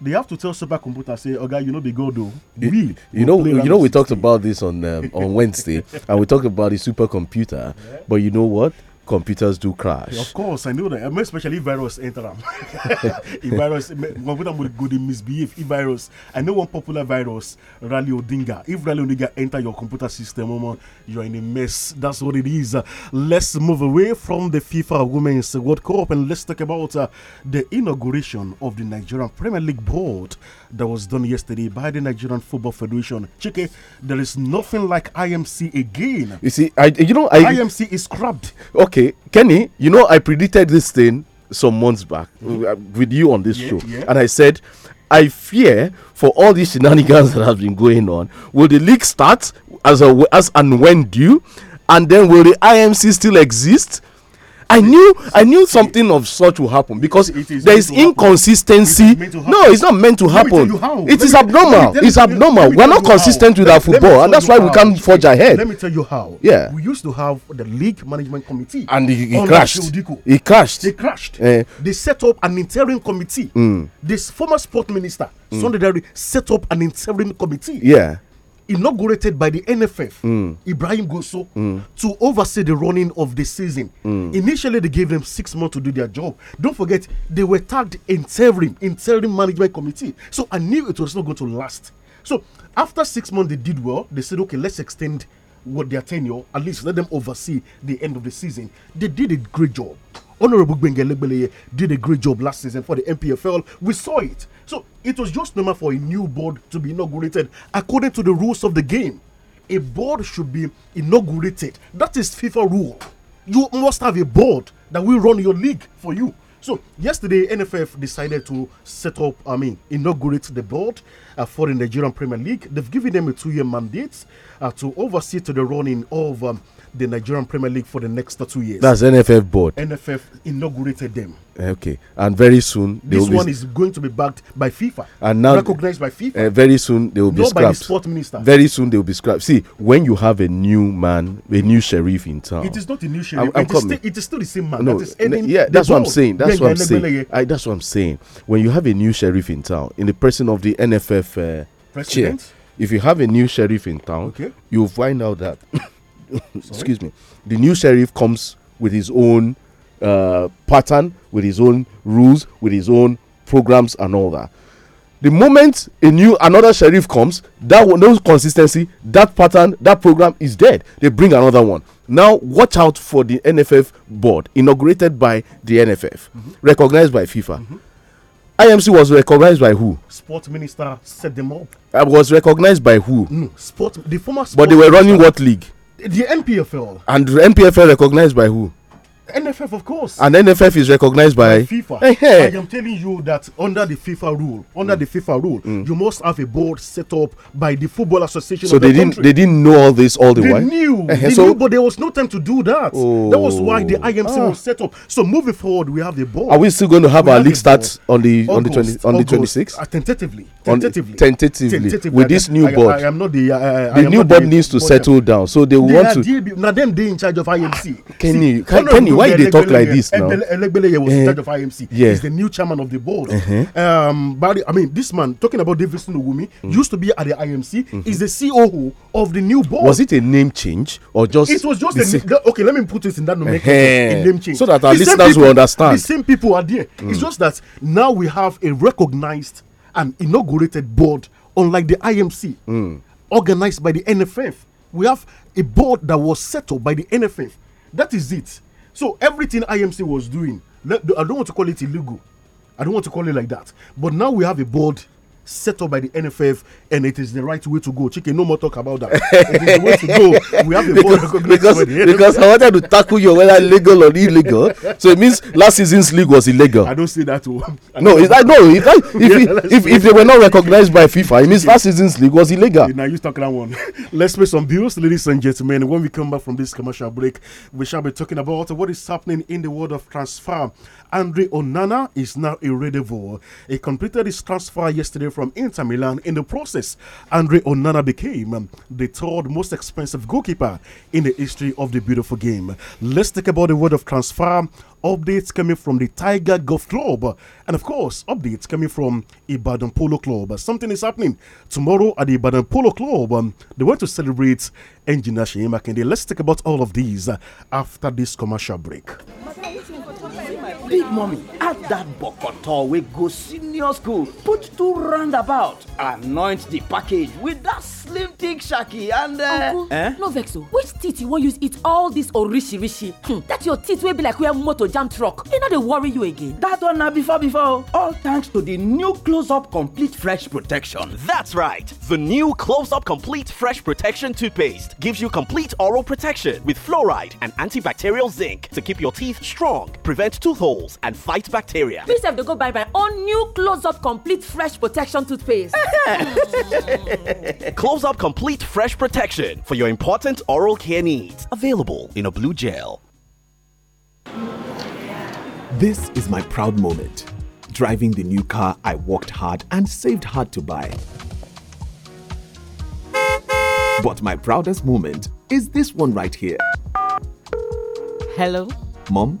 they have to tell supercomputer say "Oh, okay, you know be go do." Oh. we you know you know we talked about this on um, on wednesday and we talked about the supercomputer yeah. but you know what computers do crash. Of course, I know that. Especially virus enter them. if virus, computer would misbehave. If virus, I know one popular virus, Rally Odinga. If Rally Odinga enter your computer system, you're in a mess. That's what it is. Let's move away from the FIFA Women's World Cup and let's talk about uh, the inauguration of the Nigerian Premier League board that was done yesterday by the Nigerian Football Federation. Chike, there is nothing like IMC again. You see, I you know I, IMC is scrapped. Okay okay, Kenny, you know, I predicted this thing some months back mm-hmm. uh, with you on this yeah, show, yeah. and I said, I fear for all these shenanigans that have been going on, will the league start as a, as and when due, and then will the IMC still exist? I knew I knew something of such will happen because there is inconsistency. It's no, it's not meant to happen. It is abnormal. It's abnormal. We're not consistent with our football, and that's why we can't forge ahead. Let me tell you how. Yeah. We used to have the league management committee. And he crashed. He crashed. They crashed. Eh. They set up an interim committee. Mm. This former sport minister, mm. Sunday Derry, set up an interim committee. Yeah inaugurated by the NFF, mm. Ibrahim Goso, mm. to oversee the running of the season. Mm. Initially, they gave them six months to do their job. Don't forget, they were tagged interim, interim management committee. So I knew it was not going to last. So after six months, they did well. They said, okay, let's extend what their tenure, at least let them oversee the end of the season. They did a great job. Honorable Bengelebeleye did a great job last season for the MPFL. We saw it. So it was just normal for a new board to be inaugurated according to the rules of the game. A board should be inaugurated. That is FIFA rule. You must have a board that will run your league for you. So yesterday, NFF decided to set up, I mean, inaugurate the board uh, for the Nigerian Premier League. They've given them a two-year mandate uh, to oversee to the running of um, the Nigerian Premier League for the next two years. That's NFF board. NFF inaugurated them. Eh, okay, and very soon this one is going to be backed by FIFA and now recognized by FIFA. Uh, very soon they will Not be scrapped. by the sport minister. Very soon they will be scrapped. See, when you have a new man, a new sheriff in town, it is not a new sheriff. I'm, I'm it, is still, it, is still, the same man. No, that yeah, that's what I'm saying. That's what I'm saying. I, that's what I'm saying. When you have a new sheriff in town, in the person of the NFF uh, eh, President? chair, if you have a new sheriff in town, okay. you find out that. excuse me, the new sheriff comes with his own uh, pattern, with his own rules, with his own programs and all that. The moment a new another sheriff comes, that no consistency, that pattern, that program is dead. They bring another one. Now watch out for the NFF board inaugurated by the NFF, mm -hmm. recognized by FIFA. Mm -hmm. IMC was recognized by who? Sport minister set them up. I was recognized by who? No, mm, sport. The former. but they were running minister. what league? the MPFL. And the MPFL recognized by who? NFF, of course. And NFF is recognized by, FIFA. Hey. Eh, eh. I am telling you that under the FIFA rule, under mm. the FIFA rule, mm. you must have a board set up by the Football Association. So they the didn't country. they didn't know all this all the they while. Knew. Eh, they so, knew, but there was no time to do that. Oh. That was why the oh. IMC ah. was set up. So moving forward, we have the board. Are we still going to have we our have league start on the August, on the twenty on August, the twenty sixth? Uh, tentatively, tentatively, tentatively, tentatively, with this new I, board. I, am not the. Uh, the new board needs to settle down, so they, want to. now them they in charge of IMC. Kenny, Kenny why they talk like this now? Elegbeleye was in charge of eh, IMC. He's the new chairman of the board. Uh-huh. Um, but I mean, this man talking about Davidson Owumi mm. used to be at the IMC. Is mm-hmm. the COO of the new board. Was it a name change or just? It was just the okay. Let me put it in that nomenclature. a uh-huh. name change so that our listeners will understand. The same people are there. It's mm. just that now we have a recognized and inaugurated board, unlike the IMC, mm. organized by the NFF. We have a board that was settled by the NFF. That is it. So everything IMC was doing, I don't want to call it illegal. I don't want to call it like that. But now we have a board set up by the NFF, and it is the right way to go. Chicken, no more talk about that. it is the way to go. We have a because because, because I wanted to tackle you whether legal or illegal. So it means last season's league was illegal. I don't see that. No, no. if, yeah, it, if, if, they were not recognized by FIFA, it means last season's league was illegal. Now you talk that one. Let's pay some bills, ladies and gentlemen. When we come back from this commercial break, we shall be talking about what is happening in the world of transfer Andre Onana is now irredeemable. He completed his transfer yesterday from Inter Milan. In the process, Andre Onana became the third most expensive goalkeeper in the history of the beautiful game. Let's talk about the word of transfer updates coming from the Tiger Golf Club, and of course, updates coming from Ibadan Polo Club. Something is happening tomorrow at the Ibadan Polo Club. Um, they want to celebrate Engineer Shima Kende. Let's talk about all of these uh, after this commercial break big mommy add that bokoto wey go senior school put two roundabout anoint the package with that slim thick shaki and uh, uncle eh? no vex o which teeth you wan use eat all this orishi hmm That your teeth wey be like where motor jam truck e no dey worry you again dat one na before before all thanks to di new close up complete fresh protection that's right the new close up complete fresh protection toothpaste gives you complete oral protection with fluoride and antibacterial zinc to keep your teeth strong prevent tooth hole and fight bacteria. Please have to go buy my own new Close Up Complete Fresh Protection toothpaste. Close Up Complete Fresh Protection for your important oral care needs. Available in a blue gel. This is my proud moment. Driving the new car I worked hard and saved hard to buy. But my proudest moment is this one right here. Hello? Mom,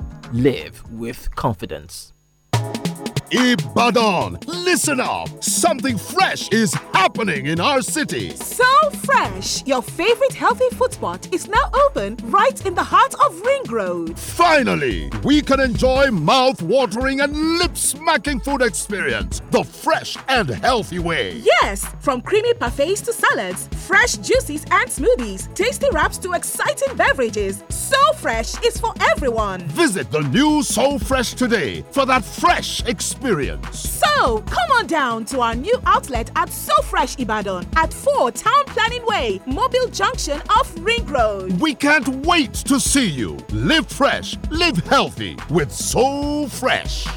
live with confidence. Ibadan. Listen up. Something fresh is happening in our city. So fresh. Your favorite healthy food spot is now open right in the heart of Ring Road. Finally, we can enjoy mouth-watering and lip-smacking food experience the fresh and healthy way. Yes, from creamy parfaits to salads, fresh juices and smoothies, tasty wraps to exciting beverages. So fresh is for everyone. Visit the new So Fresh today for that fresh experience experience. So, come on down to our new outlet at So Fresh Ibadan at 4 Town Planning Way, Mobile Junction off Ring Road. We can't wait to see you. Live fresh, live healthy with So Fresh.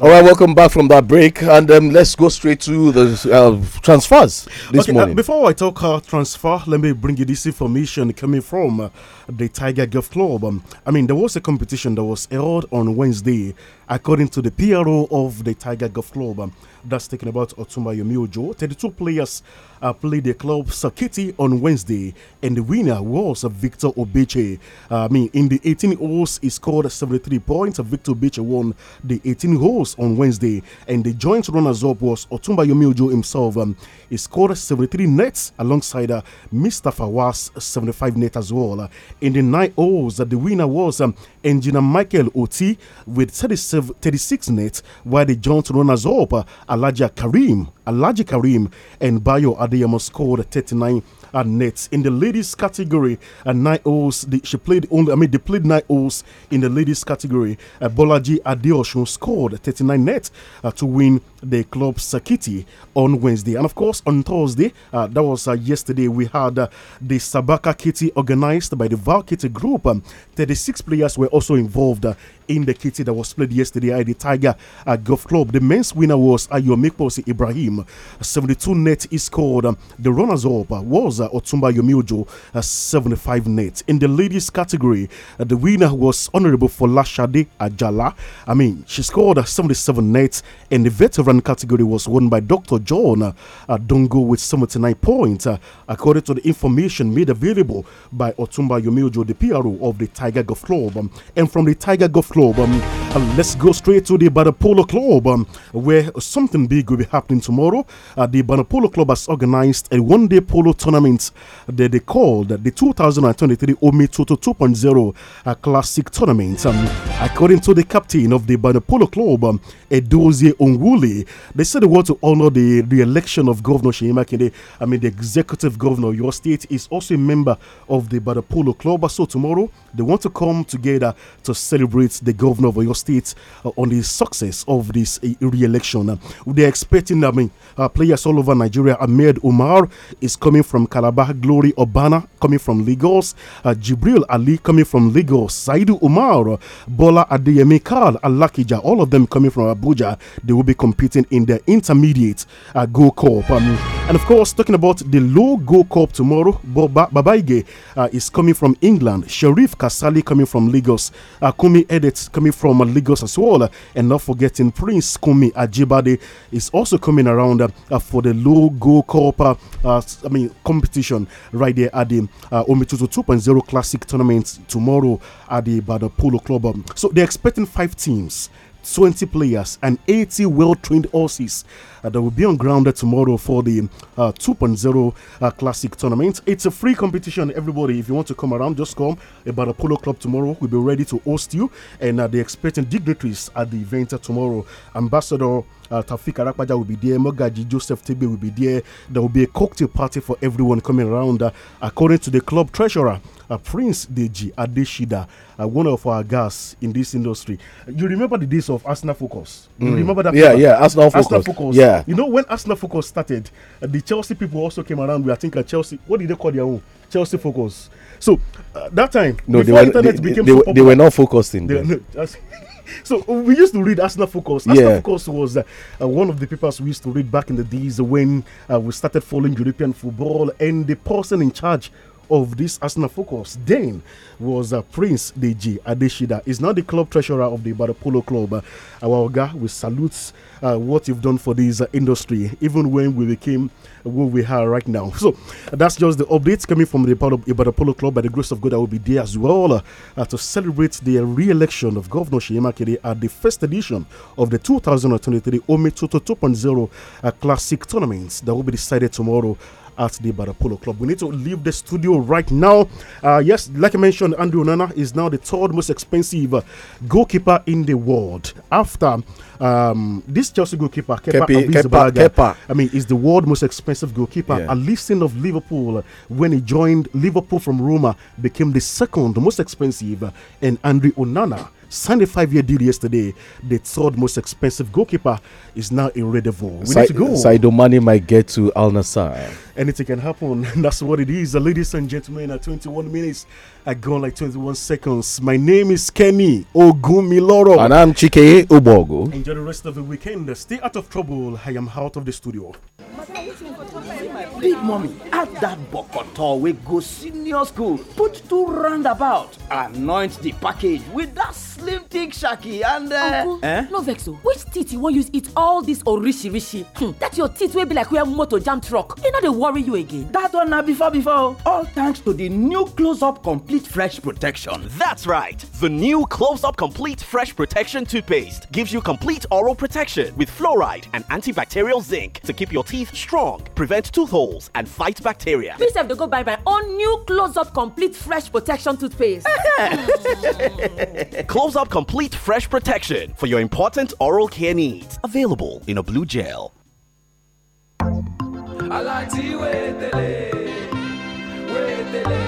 All right, welcome back from that break, and um, let's go straight to the uh, transfers this okay, uh, morning. Uh, before I talk uh, transfer, let me bring you this information coming from uh, the Tiger Golf Club. Um, I mean, there was a competition that was held on Wednesday according to the PRO of the Tiger Golf Club. Um, that's talking about Otumba Yomiojo. 32 players uh, played the club Sakiti on Wednesday, and the winner was Victor Obeche. Uh, I mean, in the 18 holes, he scored 73 points. Victor Obeche won the 18 holes on Wednesday, and the joint runners up was Otumba Yomiojo himself. Um, he scored 73 nets alongside uh, Mr. Fawaz 75 net as well. Uh, in the nine holes, uh, the winner was um, engineer Michael Oti with 36, 36 nets, while the joint runners up, Alaja Karim Alaji Karim and Bayo Adeyemo scored 39 at uh, nets in the ladies category at uh, nine holes the, she played only i mean they played nine holes in the ladies category uh, bolaji adeosun scored 39 nets uh, to win the club sakiti on wednesday and of course on thursday uh, that was uh, yesterday we had uh, the sabaka kitty organized by the Val Kitty group um, 36 players were also involved in the kitty that was played yesterday at the Tiger uh, Golf Club. The men's winner was Posi Ibrahim. 72 net he scored. Um, the runners up uh, was uh, Otumba Yomiojo, uh, 75 net. In the ladies category, uh, the winner was Honorable Folashade Ajala. I mean, she scored uh, 77 net. And the veteran category was won by Dr. John uh, Dongo with 79 points, uh, according to the information made available by Otumba Yomiojo, the PRO of the Tiger Golf Club. Um, and from the Tiger Golf Club, Club. Um, and let's go straight to the Banapolo Club, um, where something big will be happening tomorrow. Uh, the Banapolo Club has organized a one day polo tournament that they called the 2023 Omi Toto 2.0 uh, Classic Tournament. Um, according to the captain of the Banapolo Club, um, Edozie they said they want to honor the, the election of Governor Shima Kinde. I mean, the executive governor of your state is also a member of the Banapolo Club. So tomorrow, they want to come together to celebrate the the governor of your State uh, on the success of this uh, re-election. Uh, they are expecting, I mean, uh, players all over Nigeria. Ahmed Umar is coming from Calabar, Glory Obana coming from Lagos, uh, Jibril Ali coming from Lagos, Saidu Umar, uh, Bola Adeyemi Karl, Alakija, all of them coming from Abuja. They will be competing in the intermediate uh, Go Cup. Um, and of course, talking about the Logo Cup tomorrow, Boba, Babaige uh, is coming from England, Sharif Kasali coming from Lagos, uh, Kumi coming from uh, Lagos as well, and not forgetting Prince Kumi Ajibade is also coming around uh, for the Logo Cup, uh, uh, I mean, competition right there at the uh, Omitutu 2.0 Classic tournament tomorrow at the Bada Polo Club. Um, so they're expecting five teams 20 players and 80 well trained horses uh, that will be on ground tomorrow for the uh, 2.0 uh, Classic tournament. It's a free competition, everybody. If you want to come around, just come. About a polo club tomorrow, we'll be ready to host you. And uh, they're expecting dignitaries at the event tomorrow. Ambassador uh, Tafik will be there, Mogaji Joseph Tebe will be there. There will be a cocktail party for everyone coming around. Uh, according to the club treasurer, uh, Prince Deji Adeshida, uh, one of our guys in this industry. You remember the days of Arsenal Focus? Mm. You remember that? Yeah, paper? yeah, Arsenal Focus. Arsenal Focus. Yeah. You know, when Arsenal Focus started, uh, the Chelsea people also came around. We, are thinking Chelsea, what did they call their own? Chelsea Focus. So, uh, that time, no, they were, they, they, they, were not focusing. They, there. so we used to read Arsenal Focus. Arsenal yeah. Focus was uh, uh, one of the papers we used to read back in the days when uh, we started following European football, and the person in charge of this Arsenal focus then was uh, Prince Deji Adeshida. He's now the club treasurer of the Ibadan Polo Club. Uh, our guy, we salute uh, what you've done for this uh, industry, even when we became what we are right now. So that's just the updates coming from the Ibadan Polo Club. By the grace of God, I will be there as well uh, to celebrate the re election of Governor Shima Kiri at the first edition of the 2023 Ome Toto 2.0 uh, Classic tournament that will be decided tomorrow at the Barapolo Club. We need to leave the studio right now. Uh, yes, like I mentioned, Andrew Onana is now the third most expensive uh, goalkeeper in the world after um, this Chelsea goalkeeper, Kepa, Kepi, Kepa, Kepa, I mean, is the world most expensive goalkeeper. Yeah. A listing of Liverpool uh, when he joined Liverpool from Roma became the second most expensive, and uh, Andrew Onana signed a five year deal yesterday. The third most expensive goalkeeper is now in Red Devil. We Sa need to go. Saido Mane might get to Al Nassr. Anything can happen. That's what it is. Ladies and gentlemen, at 21 minutes I gone like 21 seconds. My name is Kenny Ogumiloro. And I'm Chike Ubogo. Enjoy the rest of the weekend. Stay out of trouble. I am out of the studio. Big mommy, add that bokoto we go senior school. Put two roundabout. Anoint the package with that slim thick shaki and uh, Uncle, eh? no vexo. Which teeth you want? use eat all this rishi? Hmm. That your teeth will be like we have motor jam truck. You know they worry you again. That one now before before. All thanks to the new close-up complete Complete Fresh Protection. That's right. The new Close Up Complete Fresh Protection toothpaste gives you complete oral protection with fluoride and antibacterial zinc to keep your teeth strong, prevent tooth holes, and fight bacteria. Please have to go buy my own new Close Up Complete Fresh Protection toothpaste. Close Up Complete Fresh Protection for your important oral care needs. Available in a blue gel. I like to wait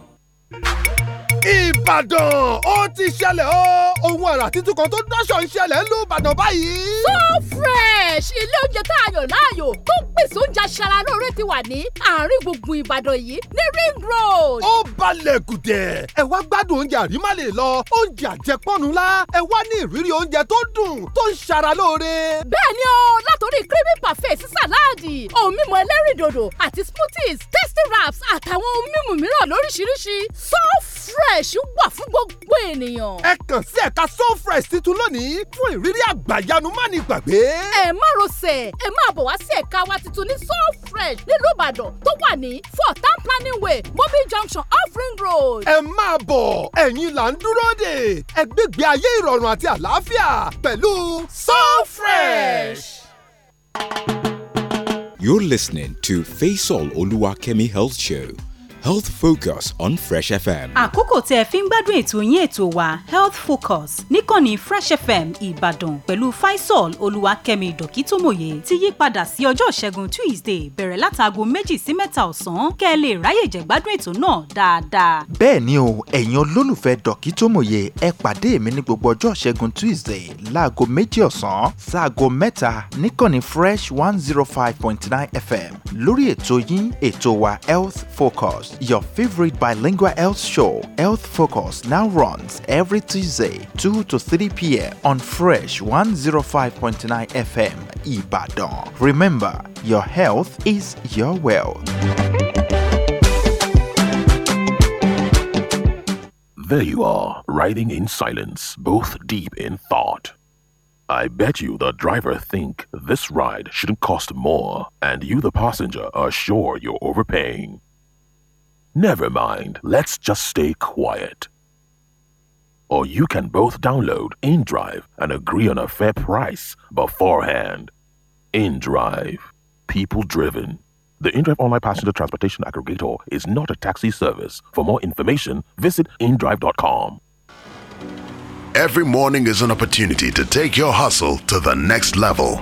Bye. ìbàdàn ó ti ṣẹlẹ̀ ó ohun àrà tuntun kan tó dáṣọ ń ṣẹlẹ̀ ń lu ìbàdàn báyìí. so fresh ilé oúnjẹ tá a yàn láàyò tó ń pèsè oúnjẹ aṣara lóore ti wà ní àárín gbùngbùn ìbàdàn yìí ní ring road. ó balẹ̀ gùdẹ̀ ẹ wá gbádùn oúnjẹ àrímá lè lọ oúnjẹ àjẹpọ́nu ńlá ẹ wá ní ìrírí oúnjẹ tó dùn tó ń ṣara lóore. bẹ́ẹ̀ ni o látòrí creamy parfait sí sàláàdì ohun mímu ẹlẹ́rìndòdò àti smoothies tasty wraps àtàwọn ohun mímu mìíràn lóríṣiríṣi so fresh fresh wà fún gbogbo ènìyàn. ẹ kàn sí ẹ̀ka so fresh titun lónìí fún ìrírí àgbàyanu má gbàgbé. ẹ má rọsẹ̀ ẹ máa bọ̀ wá sí ẹ̀ka wa titun ní so fresh nílùú ìbàdàn tó wà ní four town planning way mobil junction off ring road. ẹ máa bọ̀ ẹ̀yin là ń dúró dè ẹ ayé ìrọ̀rùn àti àlàáfíà pẹ̀lú so fresh. You're listening to Faisal Oluwakemi Health Show. Health Focus on Fresh FM. Àkókò tẹ́ ẹ fi ń gbádùn ètò yín ètò wa Health Focus níkànnì Fresh FM Ìbàdàn pẹ̀lú Faisal Olúwakẹ́mi Dọ̀kítọ́mọ̀yé ti yí padà sí ọjọ́ ìṣẹ́gun Tuesday bẹ̀rẹ̀ látàgò méjì sí mẹ́ta ọ̀sán kẹ́ ẹ lè ráyè jẹ́ gbádùn ètò náà dáadáa. Bẹ́ẹ̀ ni o, ẹ̀yin olólùfẹ́ Dọ̀kítọ́mọ̀yé ẹ pàdé mi ní gbogbo ọjọ́ ìṣẹ́gun Tuesday láago méjì ọ̀sán sáago mẹ́ta níkànnì Fresh one zero five point nine FM lórí ètò yín ètò wa Health Focus your favorite bilingual health show, Health Focus, now runs every Tuesday, 2 to 3 p.m. on Fresh 105.9 FM, Ibadan. Remember, your health is your wealth. There you are, riding in silence, both deep in thought. I bet you the driver think this ride shouldn't cost more, and you the passenger are sure you're overpaying. Never mind, let's just stay quiet. Or you can both download InDrive and agree on a fair price beforehand. InDrive, people driven. The InDrive Online Passenger Transportation Aggregator is not a taxi service. For more information, visit indrive.com. Every morning is an opportunity to take your hustle to the next level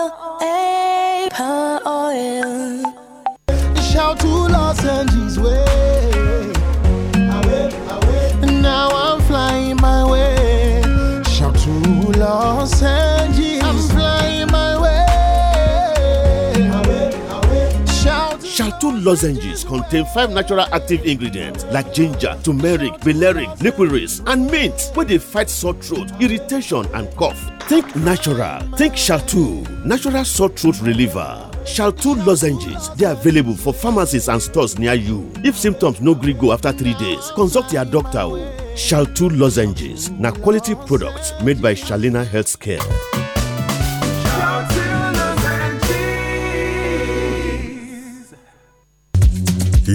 oil, oil. Shout to Los Angeles way. Now I'm flying my way. Shout to Los Angeles. Two lozenges contain five natural active ingredients like ginger, turmeric, valeric, licorice, and mint where they fight sore throat, irritation, and cough. Think natural, think Shaltu, natural sore throat reliever. Shaltu lozenges dey available for pharmacies and stores near you. If symptoms no gree go after three days, consult your doctor o. Shaltu lozenges na quality product made by Shalina Healthcare.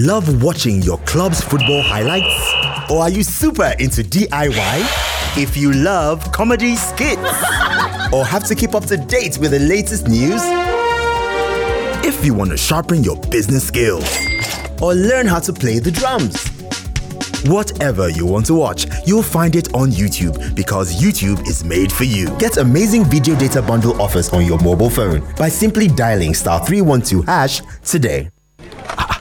Love watching your club's football highlights? Or are you super into DIY? If you love comedy skits? or have to keep up to date with the latest news? If you want to sharpen your business skills? Or learn how to play the drums? Whatever you want to watch, you'll find it on YouTube because YouTube is made for you. Get amazing video data bundle offers on your mobile phone by simply dialing star 312 hash today.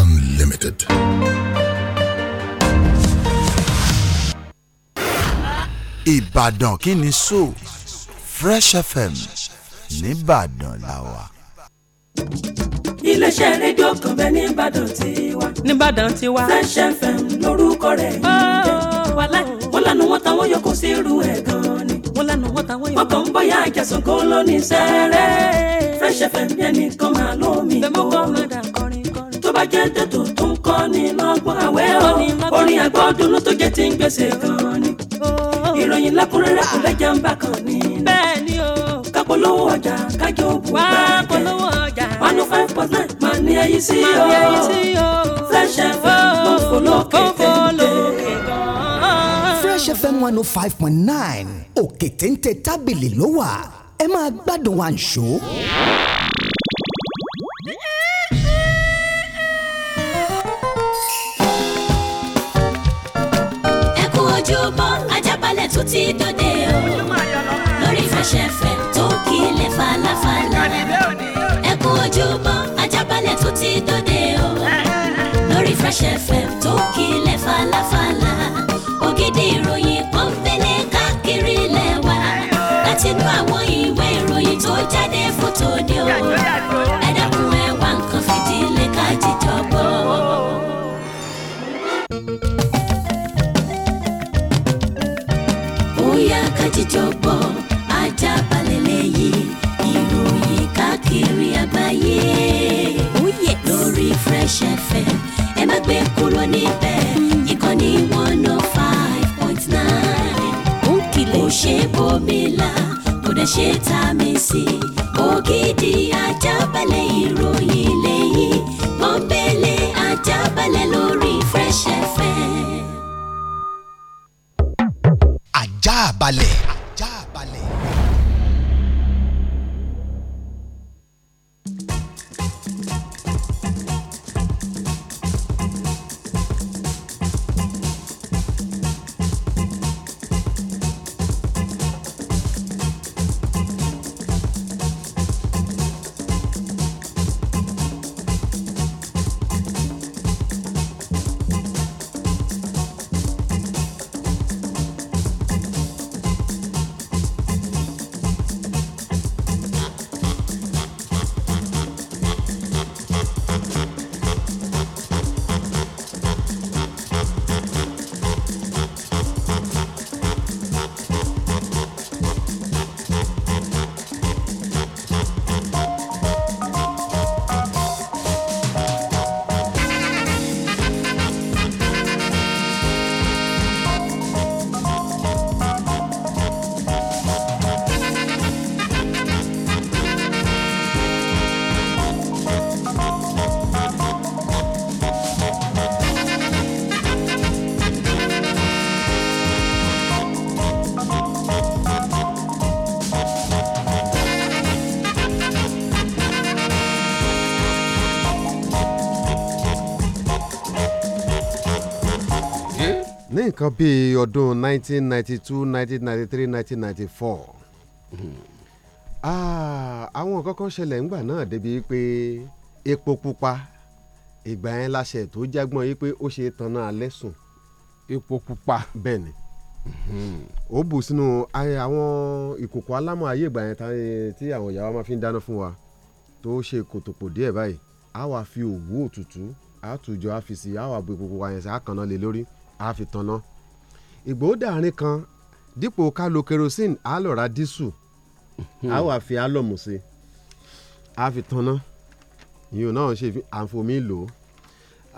Unlimited. Ìbàdàn kí ni so Fresh FM nìbàdàn la wà. iléeṣẹ́ rédíò kan bẹ́ẹ̀ nìbàdàn ti wá. nìbàdàn ti wá. Fresh FM lórúkọ rẹ̀ ń jẹ́. Oh, wọ́n lánàá wọn táwọn yòókù sí irú ẹ̀ gan-an ni. wọ́n lánàá wọn táwọn yòókù. ọkàn ń bọ̀yà àjẹsùn kó ló ní sẹ́rẹ̀. Fresh FM yẹn nìkan máa lómi kó. bẹ́ẹ̀ mo kọ́ ọ̀rọ̀ dà kọ́ bá jẹ́ tètò tó ń kọ́ ni lọ́gbọ́n àwẹ́ ọ̀ orin àgbọ̀dúnú tó jẹ́ ti ń gbèsè kan ni oh, oh, oh. ìròyìn lẹ́kùnrẹ́rẹ́ kò lẹ́jà ń bá kan ni. bẹ́ẹ̀ni o. ká ọjà kájọ òkú bá jẹ. wá ọjà. one oh five point nine máa ní ẹyí sí o. máa ní ẹyí sí o. fresh fm ló ń folókè téńté. fresh fm one oh five point nine òkè téńté tábìlì ló wà ẹ máa gbádùn àǹṣó. ti dòde o lórí fẹsẹ̀fẹ̀ tó kílẹ̀ falafala ẹ kú ojúmọ́ ajábalẹ̀ tó ti dòde o lórí fẹsẹ̀fẹ̀ tó kílẹ̀ falafala ògidì ìròyìn kan fẹ́lẹ̀ káàkiri lẹ́wà látinú àwọn ìwé ìròyìn tó jáde fún. ajíjọbọ ajábalẹ̀ lẹ́yìn ìròyìn káàkiri àgbáyé. ó oh, lórí Fresh FM ẹ má gbé kúrò níbẹ̀ ìkànnì one oh five point nine. ó kìlẹ̀ kò ṣe bómi la kò dẹ̀ ṣe tá a mi sí. ògidì ajábalẹ̀ ìròyìn lẹ́yìn pọ́npẹ́lẹ́ ajábalẹ̀ lórí Fresh FM. balẹ̀. nǹkan bíi ọdún 1992 1993 1994 Ah, àwọn nǹkan kan ṣẹlẹ̀ ńgbà náà débi pé epo pupa ìgbà yẹn láṣẹ tó jágbọ́n yìí pé ó ṣe tanná alẹ́ sùn. epo pupa. bẹ́ẹ̀ ni ó bù sínú àwọn ìkòkò alámọ̀ ayé ìgbà yẹn tí àwọn ìyá wa máa fi ń dáná fún wa tó ṣe kòtòpò díẹ̀ báyìí a wá fi òwú òtútù àtùjọ àfìsí a wá bu epo pupa yẹn sí àkànná lé lórí a fi tanná. Ìgbòho dàrin kan dípò ká lo kerosene á lọ ra dísù á wà fi álọ̀mù sí á fi tanná ìyẹn náà ṣe àǹfòmí lò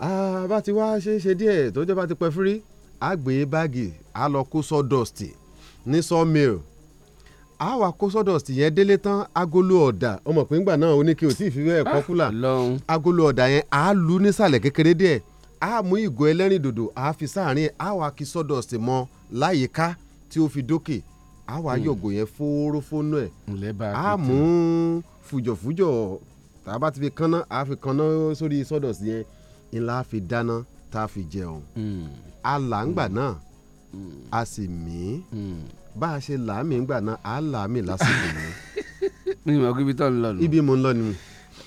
ó bá ti wá ṣe é ṣe díẹ̀ tó jẹ́ bá ti pẹ́ fírí á gbé e báàgì á lọ kó sawdust ní sawmill á wà kó sawdust yẹn délé tán agolo ọ̀dà ọmọ pé náà ó ní kí o sì fi bẹ́ẹ̀ pọ́kúlà ah, agolo ọ̀dà yẹn á lù nísàlẹ̀ kékeré díẹ̀ a mú ìgò ẹlẹ́rìndòdò a fi sáàrin a wá kí sọ́dọ̀sì mọ́ láyìíká tí ó fi dókè a wá hmm. yọ̀gò yẹn fórófónú ẹ̀ a mú fùjọ̀fùjọ̀ tá a bá ti fi kanná a fi kanná sórí sọ́dọ̀sì yẹn ńlá fi dáná tá a fi jẹun hmm. a là ń hmm. náà a sì mí bá a ṣe làámì ń náà a lásìkò mi. mi ò mọ̀ kí ibi tó ń lọ nù. ibi mo ń lọ nù.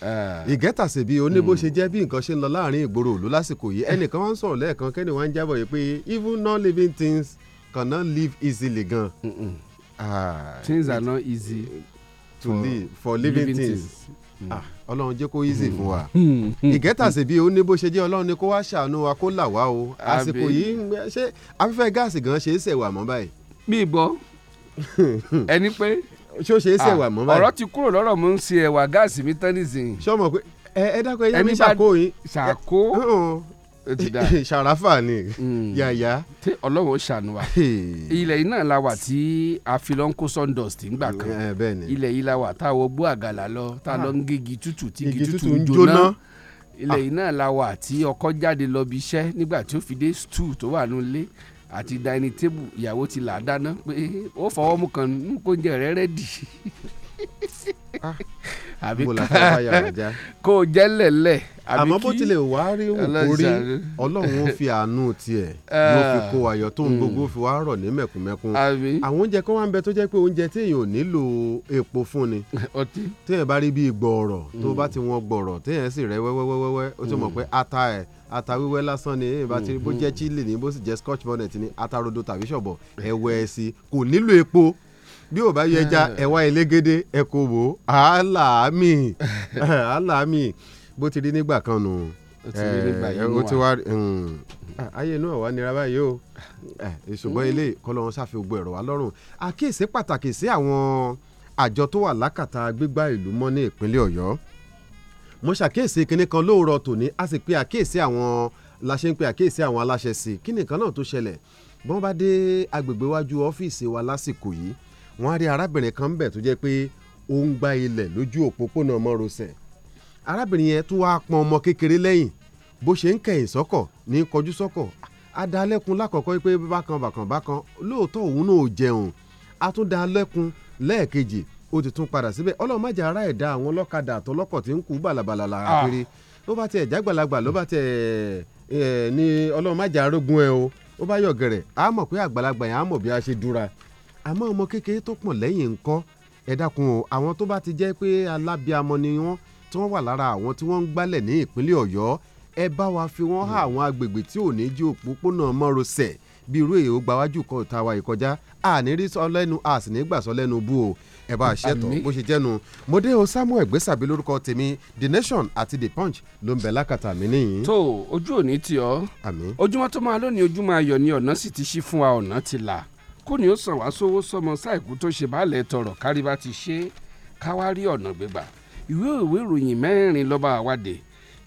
Ah. ìgẹ́ta sì bí oníbó hmm. ṣe jẹ́ bí nǹkan ṣe ń lọ láàrin ìgboro òlu lásìkò yìí ẹnìkan wá ń sọ̀rọ̀ lẹ́ẹ̀kan kẹ́ni wá ń jábọ̀ yìí pé even non-living things cannot live easily gan. Ah. things are not easy to live for living things mm. ah, ọlọ́run jẹ́ kó easy mm. fún wa mm. ìgẹ́tàsí bíi ó ní bó ṣe jẹ́ ọlọ́run ni kó wá ṣàánú wa kó là wá o àsìkò yìí ṣé afẹ́fẹ́ gáàsì gan ṣe é ṣẹ̀wà mọ́ báyìí. bí ìbọn ẹni pé ṣó ṣe é ṣèwà ah, mọ́ báyìí. ọ̀rọ̀ ti kúrò lọ́rọ̀ mo ń ṣe ẹ̀wà gáàsì mi tán nísìnyí. sọmọ pé ẹ dákun ẹ yẹ mi ṣàkó yín. ṣàkó ṣàràfà ni yàyà. Hmm. tí ọlọ́run ó ṣàánú wa ilẹ̀ yìí náà la wà tí afilọ́nkó sundust ń gbà kan eh, ilẹ̀ yìí la wà tá a wọ gbó àgàlà lọ tá a ah. lọ ń gégi tútù tí igi tútù ń jóná ilẹ̀ yìí ah. náà la wà tí ọkọ jáde lọ bí iṣẹ́ nígbà tí ó fi dé stool tó wà nílé àti dining table ìyàwó ti là á dáná pé ó fọwọ́ mú kan nínú kóúnjẹ rẹ rẹ́dì. àbí ká kó o jẹ́ lẹ̀lẹ̀. àmọ́ bó tilẹ̀ wá rí òkórí ọlọ́run fi àánú tiẹ̀ ah. ló fi kó ayọ̀ tó ń mm. gbogbo fi wá rọ̀ ní mẹ̀kúnmẹ́kún. àwọn oúnjẹ kan wá ń bẹ tó jẹ́ pé oúnjẹ tí èèyàn ò nílò epo fún ni téèyàn bá rí bíi gbọ̀ọ̀rọ̀ tó mm. bá ti wọn gbọ̀ọ̀rọ̀ téèyàn sì rẹ wẹ́wẹ́wẹ́wẹ́ ó ti mọ̀ mm. pé ata ẹ̀ ata wíwẹ́ lásán ni èèyàn bá ti rí bó jẹ́ mm-hmm. chili ni bó sì jẹ́ scotch bonnet ni ata rodo tàbí ṣọ̀bọ̀ ẹ̀wẹ̀ ẹ̀sìn kò nílò epo bí ò bá yẹ ẹja eh. ẹ̀wá elégédé ẹ kò wò áláàmì áláàmì bó ti rí nígbà kan nù ó ti eh, wá hmm. ayé inú ọ̀wá nira báyìí o eh, ṣùgbọ́n hmm. ilé kọlọ́run ṣàfi gbogbo ẹ̀rọ wa lọ́rùn àkíyèsí pàtàkì sí àwọn àjọ tó wà lákàtà gbígbá ìlú mọ́ ní ìpínlẹ̀ ọ̀yọ́ mo ṣàkíyèsí kinní kan lóòrọ̀ tòní a sì pe àkíyèsí àwọn la ń pe àkíyèsí àwọn aláṣẹ sí kí nìkan náà tó ṣẹlẹ̀ bí wọ́n bá dé agbègbè wájú ọ́fíìsì wa lásìkò yìí wọ́n á rí arábìnrin kan bẹ̀ tó jẹ́ pé ó ń gba ilẹ̀ lójú òpópónà mọ́rosẹ̀ arábìnrin yẹn tó wá pọn ọmọ kékeré lẹ́yìn bó ṣe ń kẹ̀yìn sọ́kọ̀ ní kọjú sọ́kọ̀ adalẹ́kun lákọ̀ọ́kọ́ pé bákan bákan bákan lóòótọ́ òun náà ò jẹun atúndalẹ́kun lẹ́ẹ̀kejì ó ti tún padà síbẹ̀ ọlọ́run má jẹ́ ara ẹ̀dá àwọn ọlọ́kadà àtọlọ́kọ̀ tí ń kú bàlàbàlà làákiri ah. ló bá tiẹ̀ jágbàlagbà ló bá tiẹ̀ ní ọlọ́run arógun ẹ o ó bá yọ̀ gẹ̀rẹ̀ pé àgbàlagbà yẹn á bí a ṣe dúra àmọ́ ọmọ kékeré tó pọ̀n lẹ́yìn ńkọ́ ẹ dákun o àwọn tó bá ti jẹ́ pé alábíamọ ni wọ́n tí wọ́n wà lára àwọn tí wọ́n ń gbálẹ̀ ní ìpínlẹ̀ ọ̀yọ́ ẹ bá wa fi wọ́n há àwọn agbègbè tí ò ní jí òpópónà mọ́rọsẹ̀ bí irú èyí ó gbáwájú kan ta wa ìkọjá àní rí sọ lẹ́nu a sì ní gbà sọ lẹ́nu bú o ẹ bá a ṣètò bó ṣe jẹ́nu mo dé o samuel gbèsàbí lórúkọ tèmi the nation àti the punch ló ń bẹ lákàtà mi nìyí. tó ojú òní tí ọ ojúmọ́ tó máa lónìí ojú máa yọ ni ọ̀nà sì ti ṣí fún wa ọ̀nà ti là kú ni ó sàn wá sówó sọmọ ṣáìkú tó ṣe báàlẹ̀ tọrọ kárí bá ti ṣe káwárí ọ̀nà gbégbà ìwé ìwé ìròyìn mẹ́rin lọ́ba àwádé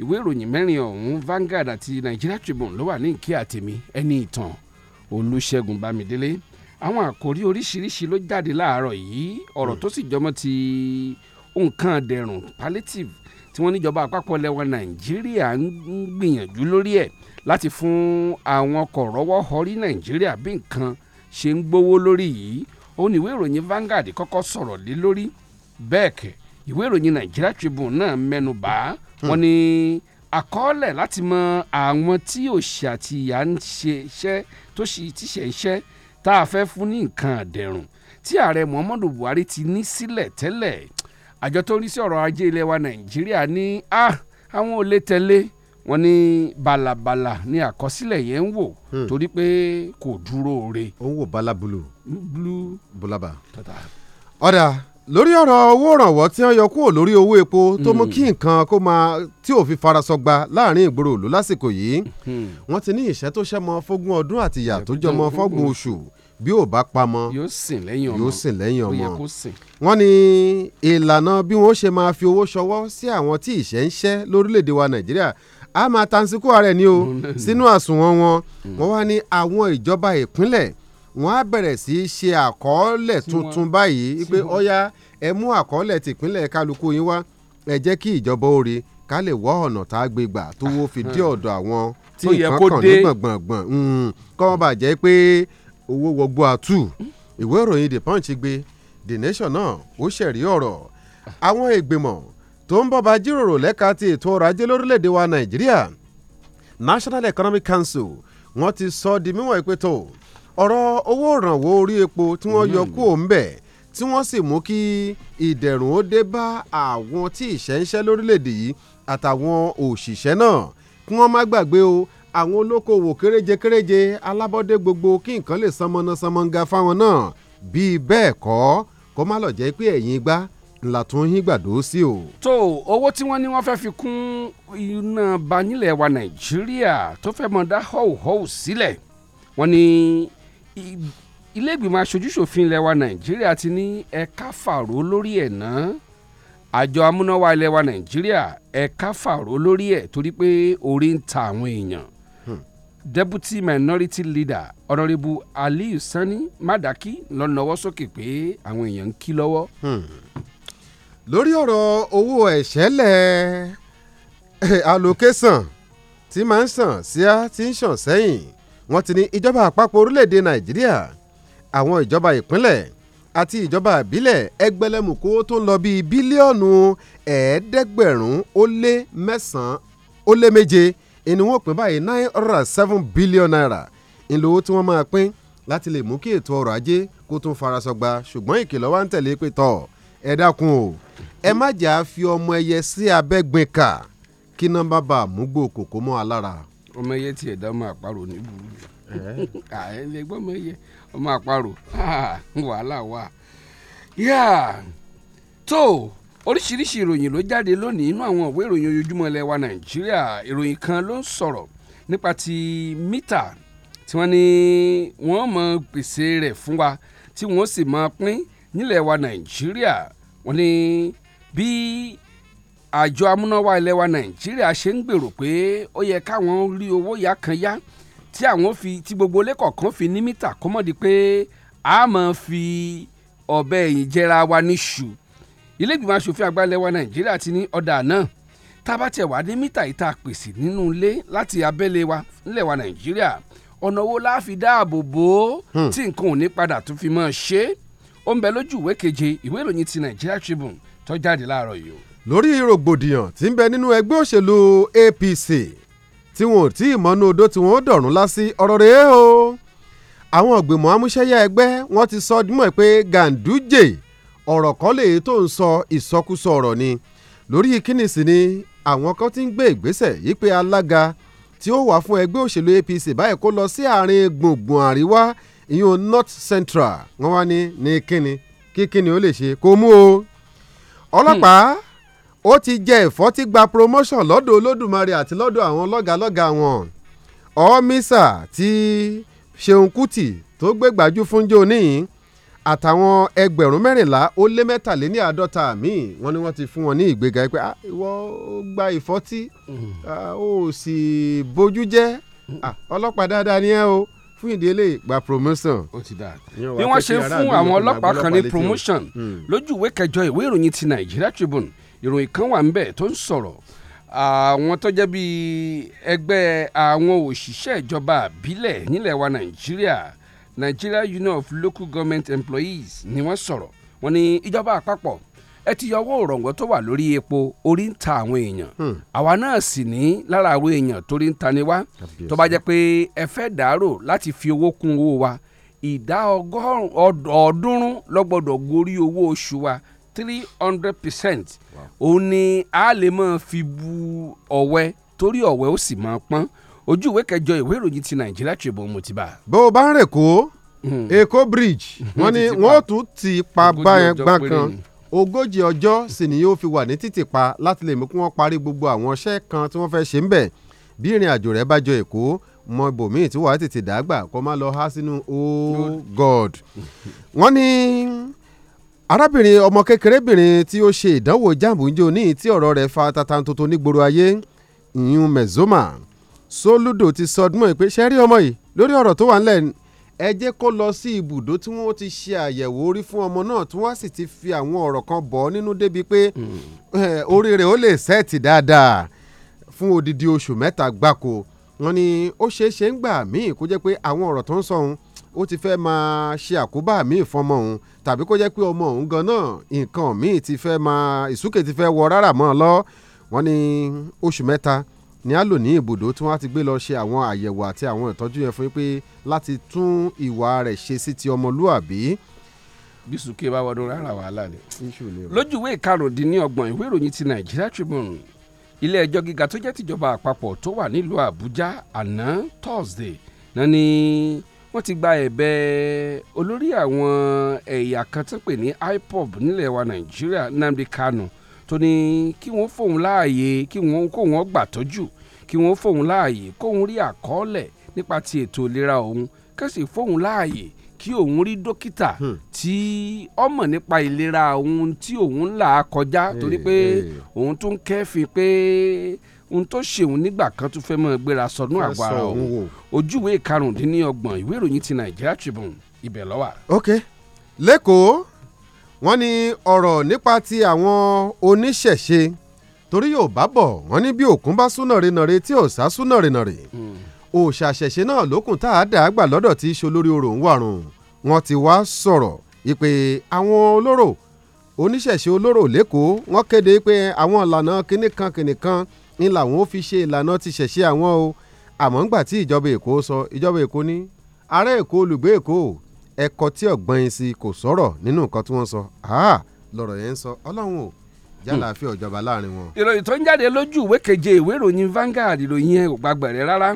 ìwé ìròyìn mẹ́rin ọ̀hún Vanguard àti Nigeria Tribune ló wà ní ìkí àtẹ̀mí ẹni ìtàn Olúṣẹ́gun Bámidélé àwọn àkòrí oríṣiríṣi ló jáde láàárọ̀ yìí ọ̀rọ̀ tó sì jọmọ́ ti nǹkan dẹ̀rùn palliative tí wọ́n níjọba àpapọ̀ lẹ́wọ̀n Nàìjíríà ń gbìyànjú lórí ẹ̀ láti fún àwọn kọ̀rọ̀wọ́ họrí Nàìjíríà bí nǹkan ṣe ń gbówó lórí yìí ó ní ìwé ìròyìn Vanguard kọ́kọ́ sọ̀rọ̀ lé lórí Beck ìwé ìròyìn Nigeria Tribune náà mẹ́nu bà á hmm. wọ́n ní àkọọ́lẹ̀ láti mọ àwọn tí òṣì àti ìyà ń ṣe iṣẹ́ tó ṣì ti ṣe iṣẹ́ tá a fẹ́ fún ní nǹkan àdẹ̀rùn tí ààrẹ Muhammadu Buhari ti ní sílẹ̀ tẹ́lẹ̀ àjọ tó ń rí sí ọ̀rọ̀ ajé ilẹ̀ wa Nàìjíríà ní ah, àwọn ò lè tẹ̀lé wọ́n ní balabala ní àkọsílẹ̀ yẹn ń wò hmm. torí pé kò dúró re. ó ń wò balabulu. bulu. bulaba. ọ̀dà lórí ọ̀rọ̀ owó ìrànwọ́ tí wọ́n yọ kúrò lórí owó epo tó mú hmm. kí nǹkan kó máa tí òfin farasọgba láàrin ìgboro òlu lásìkò yìí hmm. wọ́n ti ní ìṣẹ́ tó ṣẹ́mọ fógún ọdún àti ìyà tó jọmọ fọ́gbọ̀n oṣù bí ò bá pamọ́ yóò sìn lẹ́yìn yóò sìn lẹ́yìn ọmọ wọ́n ní ìlànà bí wọ́n ṣe máa fi owó ṣọwọ́ sí àwọn tí ìṣẹ́ ń ṣẹ́ lórílẹ̀‐èdè wa Nàìjíríà a máa tansikó ara ẹ̀ ní o hmm. sínú àsùnwọ̀n wọn hmm. wọ́n wá ní àwọn ìjọba ìpínlẹ̀ wọ́n á bẹ̀rẹ̀ sí í ṣe àkọọ́lẹ̀ tuntun báyìí pé ọ̀ya ẹ mú àkọọ́lẹ̀ tìpínlẹ̀ kálukú yín wá ẹ jẹ́ kí ìjọba ó rí ká lè wọ́ ọ̀nà tá a gbé gbà tó wó fi dé ọ̀dọ̀ àwọn tí nǹkan kàn ní gbọ̀ngbọ̀ngbọ̀n hmm. kọ́ wọn bà jẹ́ pé owó wọgbó àtù ìwé ìròyìn the punch gbé the nation náà ó ṣẹ̀rí ọ̀rọ̀ àwọn ìgbìmọ̀ tó ń bọ̀bá jíròrò lẹ́ka ti ètò ọrọ̀ ajé lórílẹ̀‐èdè wa nàìjíríà National Economic Council wọ́n ti sọ di mímọ̀ ìpè tó ọ̀rọ̀ owó ìrànwọ́ orí epo tí wọ́n yọ hmm. kúò ń bẹ̀ tí wọ́n sì mú kí ìdẹ̀rùn ó dé bá àwọn tí ìṣẹ́ ń ṣẹ́ lórílẹ̀‐èdè yìí àtàwọn òṣìṣẹ́ náà kí wọ́n má gbàgbé o àwọn olókoòwò kéréje kéréje alábọ́dé gbogbo kí nǹkan lè sanmọ́nà sanmọ́nga fáwọn náà bíi bẹ́ẹ̀ kọ́ kó má lọ jẹ́ pé ẹ̀yìn gbá ńlá tó ń yín gbàdó sí o. tó owó tí wọ́n ní wọ́n fẹ́ fi kún iná banílẹ̀ wa nàìjíríà tó fẹ́ mọ̀ dá họ́wùhọ́wù sílẹ̀ wọ́n ní ilé ìgbìmọ̀ aṣojúṣòfin ilẹ̀ wa nàìjíríà ti ní ẹ̀ka fàró lórí ẹ̀ náà àjọ amúnáwá ilẹ̀ wa nàìjíríà ẹ̀ka fàró lórí ẹ̀ torí pé orí ń ta àwọn èèyàn hmm. deputy minority leader honourable aliyu sani madaki ló nawọ́ sókè pé àwọn èèyàn ń kí lọ́wọ́ hmm lórí ọ̀rọ̀ owó ẹ̀ṣẹ́lẹ̀ allocation tí máa ń sàn síá tí ń sàn sẹ́yìn wọ́n ti ní ìjọba àpapọ̀ orílẹ̀-èdè nàìjíríà àwọn ìjọba ìpínlẹ̀ àti ìjọba àbílẹ̀ ẹgbẹ̀lẹ́mùkó tó ń lọ bíi bílíọ̀nù ẹ̀ẹ́dẹ́gbẹ̀rún ó lé mẹ́sàn-án ó lé méje ìní wọn pín báyìí nine hundred and seven billion naira ìlówó tí wọ́n máa pín láti lè mú kí ètò ọrọ̀ ajé kó tún farasọgba ṣùgbọ́n ìkìlọ̀ wa ń tẹ̀lé pé tọ̀ ẹ dákun o ẹ má jà fi ọmọ ẹyẹ sí abẹ́gbin kà kí náà bá bá àmúgbò kòkó mọ́ alára. ọmọ ẹyẹ tiẹ̀ dá ọmọ àparò ní burú ẹ gbọ́ ọmọ ẹyẹ ọmọ àparò wàhálà wà. tó oríṣiríṣi ìròyìn ló jáde lónìí inú àwọn ìwé ìròyìn ojoojúmọ́ ilẹ̀ wa nàìjíríà ìròyìn kan ló ń sọ̀rọ̀ nípa ti mítà tí wọ́n ní wọ́n mọ pèsè rẹ̀ fún wa tí wọ́n sì máa pín nílẹ̀ wa nàìjíríà wọ́n ní bí àjọ amúnáwá ilẹ̀ wa nàìjíríà ṣe ń gbèrò pé ó yẹ káwọn rí owó yá kan yá tí àwọn fi tí gbogbo lẹ́kọ̀ọ̀kan fi ní mítà kó mọ̀ di pé a máa fi ọ̀bẹ ẹ̀yìn jẹra wa níṣu ilé ìgbìmọ̀ asòfin àgbà ilẹ̀ wa nàìjíríà ti ní ọ̀dà náà tába tẹ̀ wá ní mítà ìta pèsè nínú ilé láti abẹ́lé wa nílẹ̀ wa nàìjíríà ọ̀nà wo la dáàbò bò ó hmm. tí nǹkan ò ní padà tún fi máa ṣe é ó ń bẹ lójú ìwé keje ìwé ìròyìn ti Nigeria Tribune tó jáde láàárọ̀ yìí o. lórí rògbòdìyàn tí ń bẹ nínú ẹgbẹ́ òṣèlú APC tí wọn ò tí ì mọ́nú odó tí wọ́n dọ̀rùn lásì ọ̀rọ̀ rèé o àwọn ìgbìmọ̀ amúṣẹ́yà ẹgbẹ́ wọn ti sọ dímọ̀ pé Ganduje ọ̀rọ̀ kan lè tó ń sọ ìsọkúsọ ọ̀rọ̀ ni lórí kíni sì ni àwọn kan ti ń gbé ìgbésẹ̀ yí pé alága tí ó wà fún ẹgbẹ́ òṣèlú APC báyìí kó lọ sí àárín gbùngbùn àríwá ìyún north central wọn wá ní ní kíni kí kíni ó lè ṣe kó mú o ọlọ́pàá ó ti jẹ ẹ̀fọ́ tí gba promotion lọ́dọ̀ olódùmarè àti lọ́dọ̀ àwọn lọ́gàlọ́gà wọn ọ́mísà tí ṣeun kùtì tó gbé gbájú fún jọ níyìn àtàwọn ẹgbẹ̀rún mẹ́rìnlá ó lé mẹ́tàléní àádọ́ta míì wọ́n ní wọ́n ti fún wọn ní ìgbéga pé ah, ìwọ gba ìfọ́tí mm. ah, ó sì bójú jẹ́ mm. ah, ọlọ́pàá dáadáa ni ẹ o. Mm. Ah, fún ìdí eléyìí gba promotion. ó ti dáa. bí wọ́n ṣe fún àwọn ọlọ́pàá kan ní promotion hmm. lójú ìwé kẹjọ ìwé ìròyìn ti Nigeria Tribune ìròyìn kan wà ńbẹ̀ tó ń sọ̀rọ̀ àwọn tó jẹ́ bíi ẹgbẹ́ àwọn òṣìṣẹ́ ìjọba àbílẹ̀ nílẹ̀ wa Nàìjíríà Nigeria Union of Local Government Employees ni wọ́n sọ̀rọ̀ wọ́n ní ìjọba àpapọ̀ ẹ ti yọwọ́ òrọ̀ǹgọ́ tó wà lórí epo orí ń ta àwọn èèyàn hmm. àwa náà sì ní lára àwọn èèyàn torí ń tani wá tó bá jẹ́ pé ẹ fẹ́ dàárò láti fi owó kún owó wa ìdá ọ̀ọ́dúnrún lọ́gbọ́dọ̀ gorí owó oṣù wa three hundred percent òun ni a lè máa fi bu ọ̀wẹ́ torí ọ̀wẹ́ ó sì máa pọ́n ojú ìwé kẹjọ ìwé ìròyìn ti nàìjíríà Tribune mo ti bá. bó o bá ń rè kó hmm. Èkó bridge wọ́n ní wọ́n tún ti pa báyẹn gbàǹkan ogójì ọjọ́ sì ni yóò fi wà ní títìpa láti lè mú kí wọ́n parí gbogbo àwọn iṣẹ́ kan tí wọ́n fẹ́ ṣe ń bẹ̀ bí ìrìn àjò rẹ̀ bá jọ èkó mọ ibòmíì tí wàá tètè dàgbà kó má lọ há sínú oh god wọ́n ní arábìnrin ọmọ kékerébìnrin tí ó ṣe ìdánwò jáàmù ń jẹ́ òní tí ọ̀rọ̀ rẹ̀ fa tatantoto nígboro ayé ìyún mezoma soludo ti sọdúnmọ́ ìpè ṣẹ́rí ọmọ yìí lórí ọ̀rọ̀ tó wà ńlẹ̀ ẹ jẹ́ kó lọ sí ibùdó tí wọ́n ti ṣe àyẹ̀wò orí fún ọmọ náà tí wọ́n sì ti fi àwọn ọ̀rọ̀ kan bọ̀ ọ́ nínú débi pé orí rẹ̀ ó lè sẹ́ẹ̀tì dáadáa fún odidi oṣù mẹ́ta gbáko wọ́n ní ó ṣeé ṣe ń gbà míì kó jẹ́ pé àwọn ọ̀rọ̀ tó ń sọ òun ó ti fẹ́ máa ṣe àkóbá míì fọmọ òun tàbí kó jẹ́ pé ọmọ òun gan nǹkan míì ti fẹ́ máa ìsúkè ti fẹ́ wọ rárá mọ́ ọ lọ wọ́n ní oṣù mẹ́ta ni a lò ní ibùdó tí wọ́n á ti gbé lọ ṣe àwọn àyẹ̀wò àti àwọn ìtọ́jú yẹn fún yín pé láti tún ìwà rẹ̀ ṣe sí ti ọmọlúàbí. bísùkì bá wọnú rárá wàhálà ni. lójú ìwé ìkarùndínlọ́gbọ̀n ìwé ìròyìn ti Nigeria Tribune ilé ẹjọ́ gíga tó jẹ́ tìjọba àpapọ̀ tó wà nílùú Àbújá àná Thursday náà ni wọ́n ti gba ẹ̀bẹ̀ olórí àwọn ẹ̀yà kan tó pè ní IPOB nílẹ̀ wa Nàìjíríà Nnamdi Kanu tó ní kí wọ́n fóun láàyè kí wọ́n kó wọn gbàtọ́jú kí wọ́n fóun láàyè kóun rí àkọọ́lẹ̀ nípa ti ètò ìlera òun kẹ́sì fóun láàyè kí òun rí dókítà hmm. tí ọmọ nípa ìlera òun tí òun là á kọjá torí pé òun tún kẹ́fìn pé ohun tó ṣeun nígbà kan tún fẹ́ mọ́ gbéra sọnù àgbà ara òun ojúwe ìwé ìròyìn ti Nigeria Tribune ibẹ̀ ló ok lẹ́kọ̀ọ́ wọ́n ní ọ̀rọ̀ nípa ti àwọn oníṣẹ̀ṣe torí yóò bá bọ̀ wọ́n ní bí òkun bá súnà renàre tí ò sá súnà renàre hmm. òòṣà ṣẹ̀ṣe náà lókun tá a dà á gbà lọ́dọ̀ tí í ṣe olórí orò ń wàrùn wọ́n ti wá sọ̀rọ̀ ìpè àwọn olóró oníṣẹ̀ṣe olóró lẹ́kọ̀ọ́ wọ́n kéde pé àwọn ìlànà kínní kan kínní kan ni làwọn ó fi ṣe ìlànà ti ṣẹ̀ṣe àwọn o àmọ́ ńgbà tí ìjọba èkó sọ ìjọba èkó ní ará èkó olùgbé èkó ẹ̀kọ́ tí ọ̀gbọ́n yín sí kò sọ̀rọ̀ nínú nǹkan tí wọ́n sọ lọ́rọ̀ yẹn ń sọ ọlọ́run o jálà fi ọ̀jọba láàrin wọn. ìròyìn tó ń jáde lójú ìwé keje ìwé ìròyìn Vanguard ìròyìn ẹ̀ ò gbàgbẹ̀rẹ̀ rárá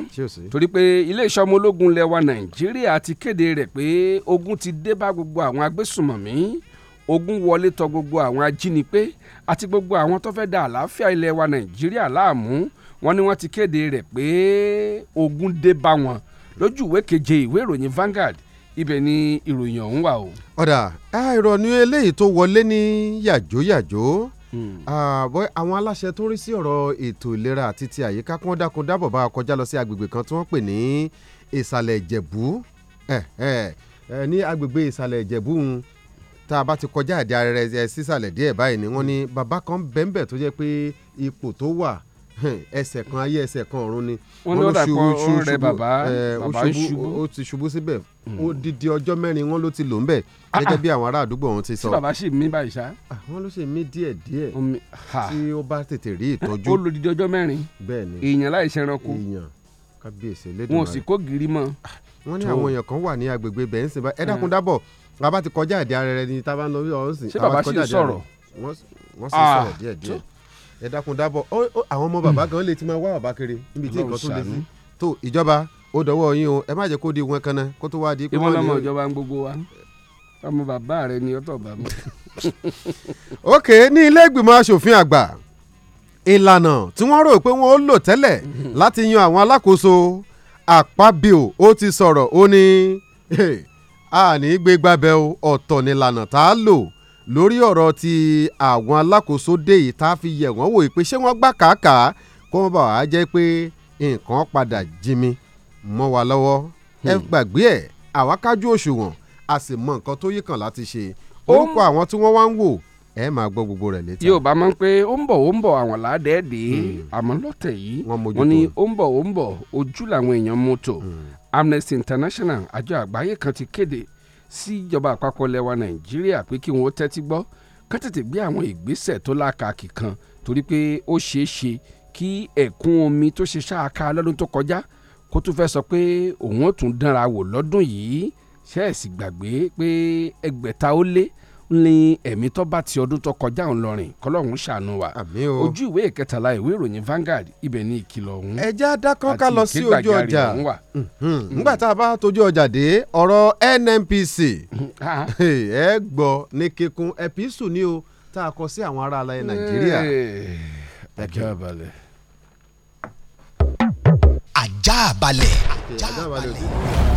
torí pé iléeṣẹ́ ọmọ ológun lẹwa Nàìjíríà ti kéde rẹ̀ pé ogun ti dé bá gbogbo àwọn agbésùmọ̀mí ogun wọlé tọ gbogbo àwọn ajínigbé àti gbogbo àwọn tó fẹ́ da àlàáfíà ilẹ̀ wa Nàìjíríà láàmú wọn ni wọ́n ti kéde rẹ̀ pé ogun dé bá wọn lójú ìwé keje ìwé ìròyìn Vanguard ibẹ̀ ni ìròyìn ọ̀hún wà o. ọ̀dà àìrọ̀ ni eléyìí tó wọlé ní yàjóyàjó hmm. àwọn aláṣẹ tó rí sí ọ̀rọ̀ ètò ìlera àti ti àyíká kí wọ́n dákun dábọ̀ bá a kọjá lọ sí agbègbè kan tí wọ́n pè ní ìsàlẹ̀ ìjẹ̀bú ní agbègbè ìsàlẹ̀ ìjẹ̀bú ń tá a bá ti kọjá àdé ara rẹ̀ sísàlẹ̀ díẹ̀ báyìí ni wọ́n ní bàbá kan bẹ́ńbẹ̀ tó jẹ́ pé ipò tó wà ẹsẹ̀ kan ayé ẹsẹ̀ kan ọ̀run ni wọ́n ló ṣubú ṣubú ó ti ṣubú síbẹ̀ hmm. ó didi ọjọ́ mẹ́rin wọ́n ló ti lò ń bẹ̀ ah, gẹ́gẹ́ ah. bí àwọn ará àdúgbò wọn ti sọ. tí bàbá sì mí báyìí ṣá. Ah, wọ́n ló sì mí díẹ̀ díẹ̀ tí ó bá tètè rí ìtọ́jú. ó lo didi ọjọ́ mẹ́rin èèyàn láì ṣẹranko wọn ò sì kó gírí mọ́. wọ́n ní àwọn èèyàn kan wà ní agbègbè bẹ̀ẹ́nsì ni tá a bá ń ẹ dákun dábọ̀ àwọn ọmọ bàbá hmm. gan lè ti máa wá bàbá kiri níbi tí nǹkan tó lè sí tó ìjọba ó dọwọ́ yín o ẹ má jẹ́ kó di wọn kanna kó tó wá di. ìwọ lọmọ ìjọba ń gbogbo wa ọmọ bàbá rẹ ni ọtọ bá mi. ok ní ilé ìgbìmọ̀ asòfin àgbà ìlànà tí wọ́n rò pé wọ́n ó lò tẹ́lẹ̀ hmm. láti yan àwọn alákòóso àpábíò ó ti sọ̀rọ̀ ó ní àní gbégbábẹ́ ọ̀tọ̀ nílànà tá a lò lórí ọ̀rọ̀ ti àwọn alákòóso dé yìí tá a fi yẹ̀ wọ́n wò pé ṣé wọ́n gbà kàkà kó wọ́n bá wàá jẹ́ pé nǹkan padà jimi mọ́ wa lọ́wọ́ ẹ hmm. gbàgbé ẹ̀ àwa kájú òṣùwọ̀n a sì mọ nǹkan tó yí kàn láti ṣe orúkọ àwọn tí wọ́n wá ń wò ẹ máa gbọ́ gbogbo rẹ̀ létí. yóò bá mọ̀ pé ó ń bọ̀ ó ń bọ̀ àwọn làádẹ́ẹ̀dẹ́ hmm. àmọ́ lọ́tẹ̀ yìí wọ́n ní ó ń bọ̀ ó ń bọ̀ ojú làwọn èèyàn mú tò hmm. Amnesty International àjọ àgbáyé kan ti kéde síjọba àpapọ̀ lẹwa nàìjíríà pé kí wọ́n tẹ́tí gbọ́ ká tètè gbé àwọn ìgbésẹ̀ tó lákàkì kan torí pé ó ṣeé ṣe kí ẹ̀kún omi tó ṣe ṣáàka lọ́dún tó kọjá kó tún fẹ́ sọ pé òun ó tún dánra wò lọ́dún yìí ṣẹ́ẹ̀sì gbàgbé pé ẹgbẹ̀ta ó lé ní ẹ̀mí tó bá ti ọdún tó kọjá òun lọ́rìn kọlọ́hún ṣàánú wa ojú ìwé ìkẹtàlá ìwé ìròyìn Vanguard ibẹ̀ ní ìkìlọ̀ ọ̀hún. ẹ já dákọ́ ká lọ sí ojú ọjà mm-hmm. nígbà tá a bá tójú ọjà dé ọ̀rọ̀ NNPC ẹ gbọ́ ní kíkún ẹ̀písù ni o tá a kọ sí àwọn ará alẹ́ Nàìjíríà. ajá balẹ̀. ajá balẹ̀. ajá balẹ̀.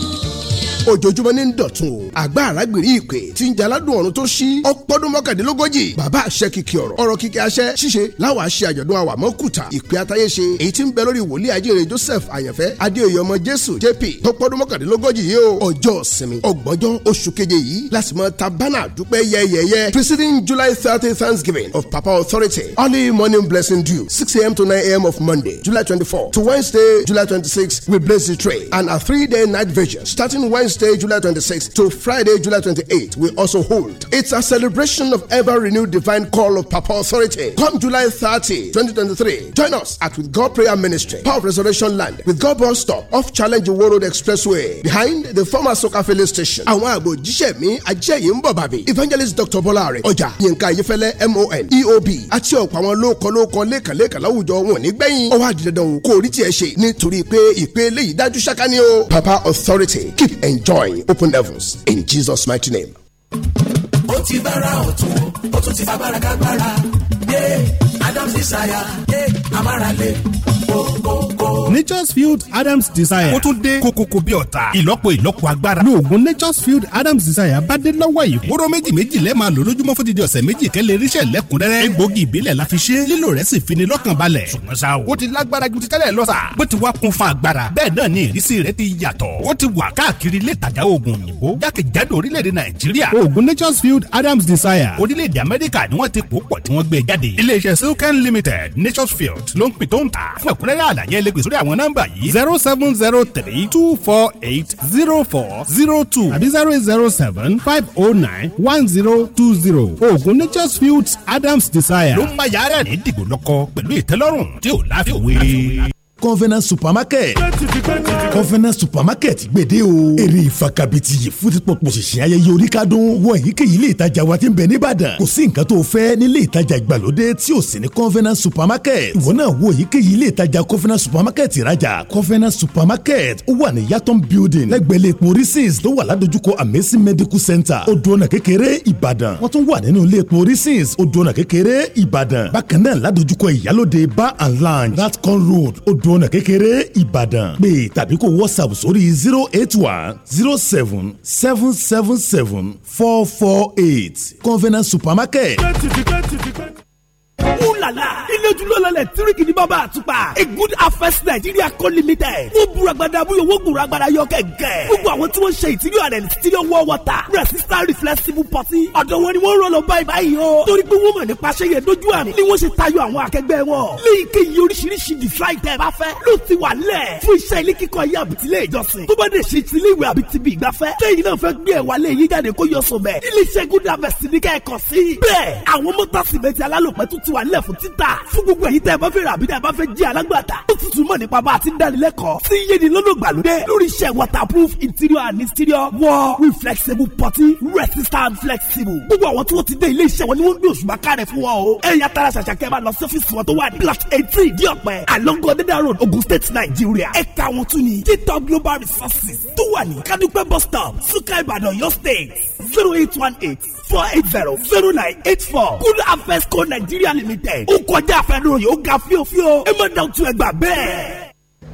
ojoojúmọ́ ní dọ̀tun o àgbà arágbèrè ìpè tí ń jaládùn ọ̀run tó ṣí ọpọ́dún mọ́kàndínlógójì bàbá àṣẹ kìkì ọ̀rọ̀ ọ̀rọ̀ kìkì àṣẹ ṣíṣe láwa ṣe àjọ̀dún àwàmọ́ kùtà ìpè àtayé ṣe èyí tí ń bẹ lórí wòlíì ajínrere Joseph àyànfẹ́ adéoyè Jésù JP tọpọ́dún mọ́kàndínlógójì yìí o ọjọ́ sinmi ọgbọ̀njọ́ oṣù keje yìí lásìmọ́ tabana dúpẹ́ yẹ́yẹ́yẹ́ preceding July thirty thanksgiving of Papa Authority early morning blessing due six a.m. to nine a.m. of Monday July twenty-four to Wednesday July twenty-six we bless the tray and a three-day night vigil starting Wednesday Wednesday, July 26th to Friday, July 28th, we also hold. It's a celebration of ever renewed divine call of Papa authority. Come July 30, 2023, join us at With God Prayer Ministry, Power of Resurrection Land, With God Bus Stop, off Challenge World Expressway, behind the former Soka Filling Station. Àwọn àgbò jíṣẹ́ mi ajẹ́yìn ń bọ̀ bàbí. Evangelist Dr. Bọ́láre, ọjà Yínká Ayéfẹ́lẹ́ MON, EOB, àti ọ̀pọ̀ àwọn lóòkọ́ lóòkọ́ lẹ́kànlẹ́kàn láwùjọ wọn nígbẹ̀yìn. Ọwọ́ àdìdàdàn kò rí tiẹ̀ ṣe nítorí pé ìpele yìí dájú ṣáká ni o. Papa authority keep enjoying enjoying open heavens in Jesus' mighty name. ó ti bára ọ̀tún ó tún ti fagbára kágbára yé Adams desire yé amárale kókó nature's field adams desire. ó tún dé kókókó bí ọ̀tá ìlọ́po ìlọ́po agbára. lóògùn nature's field adams desire bá dé lọ́wọ́ yìí. wóró méjì méjì lẹ́ẹ̀ máa lò lójúmọ́ fún dídí ọ̀sẹ̀ méjì kẹ́lẹ́ irísẹ́ lẹ́kùnrẹ́rẹ́. egbògi ìbílẹ̀ la fi ṣe lílo rẹ̀ sì fi ni lọ́kàn balẹ̀. ṣùgbọ́n sa o. ó ti lágbára ju ti tẹ́lẹ̀ lọ sa. bó ti wá kun fún agbára bẹ́ẹ̀ náà ni ìrísí rẹ̀ ti yàtọ̀. ó ti wà káàkiri ilé ìtajà oògùn òyìnbó jákèjádò orílẹ̀-èdè nàìjíríà. oògùn nature's field adams desire. orílẹ̀-èdè amẹ́ríkà ni wọ́n ti pòpọ̀ tí wọ́n gbé e jáde. iléeṣẹ́ silken limited nature's field ló ń pin tó ń ta. fún ẹ̀kúnrẹ́rẹ́ àlàyé ẹlẹ́gbẹ̀ pè sórí àwọn nọ́mbà yìí zero seven zero three two four eight zero four zero two àbí zero eight zero seven five oh nine one zero two zero oògùn nature's fields adams desire ló ń bá yàrá ní dìgbò lọ́kọ pẹ̀lú ìtẹ́lọ́rùn tí ò láfiwé convenience supermarket convenience supermarket gbèdé o èrè ìfakabiti yìí fún tipọ̀ pòṣìṣì ayẹyẹ oríkádùn wọ èyíkéyìí ilé ìtajà wa ti ń bẹ nìbàdàn kò sí nǹkan tó o fẹ́ nílé ìtajà ìgbàlódé tí ò sí ní convenience supermarket ìwọ náà wo èyíkéyìí ilé ìtajà convenience supermarket ìrajà convenience supermarket ó wà ní yàtọ̀ building lẹ́gbẹ̀ẹ́ lẹ́pọ̀ reasons tó wà ládojúkọ amazing medical center odò ọ̀nà kékeré ìbàdàn wọ́n tún wà nínú lẹ́pọ̀ reasons odò ọ̀nà kékeré ìbàdàn bákan náà ládojúkọ ìyálòde bar and lounge ratcon road odò ètò ọ̀nà kékeré ìbàdàn pé tàbí kó whatsapp sórí zero eight one zero seven seven seven seven four four eight convenience supermarket. Ulala! Ilé-ijulọ lẹlẹ̀ tíríkì ní bàbá àtúpà. A good harvest Nigeria co limited. Wọ́n búra gbada bóyá owó gbòòrò agbada yọ kẹ̀kẹ́. Gbogbo àwọn tí wọ́n ṣe ìtìlẹ̀ rẹ̀ ní ìtìlẹ̀ wọ́ wọ́ta. Resistant reflexible pọtí. Ọ̀dọ̀ wọn ni wọ́n rán lọ báyìí báyìí o. Torí pé wọ́n mọ̀ nípa ṣe yẹn dójú àmì. Ni wọ́n ṣe tayọ àwọn akẹgbẹ́ wọn. Léyìíkéyìí oríṣiríṣi design tẹ́ ẹ bá fẹ́. Ló ti wà lẹ̀. Fún iṣẹ́ ilé kíkọ́ yé àbítílẹ̀ ìjọsìn. Tó bá dé ṣe ti ilé ìwé àbítíbi ìgbafẹ́. Téyìn náà fẹ́ gbé ẹ̀wà lé yín jáde kó yọ sọ̀bẹ̀. Ilé iṣẹ́ good harvest ní kẹ́ẹ̀kan sí. Bẹ́ẹ̀ àwọn mọ́tà sìmẹ́ntì alálòpẹ́ tuntun ti wà nílẹ̀ fún títà fún gbogbo ẹ̀yin tẹ́ ẹ bá fẹ́ rà àbí tẹ́ ẹ bá fẹ́ jẹ́ alágbàtà ó tuntun mọ̀ nípa bá a ti ń dánilẹ́kọ̀ọ́ sí yéni lọ́dọ̀gbàlódé lórí iṣẹ́ waterproof interior and exterior wall reflexible putty resistant flexible gbogbo àwọn tí wọ́n ti dé ilé iṣẹ́ wọn ni wọ́n ń gbé òṣùpá kárẹ̀ fún wọn o ẹ̀yin atara ṣàṣàkẹ́ máa lọ sọ́fíìsì wọn tó wà ní plot eighteen di ọ̀pẹ along odeda road Ogun State Nigeria ẹ̀ka wọn tún ni titọ́ global resources tó wà ní Kadupẹ́ bus stop Suka Ibadan Oyo State zero eight one eight four eight zero zero nine eight four Good Harvest Co Nigeria ó kọjá ga fíofío bẹ́ẹ̀.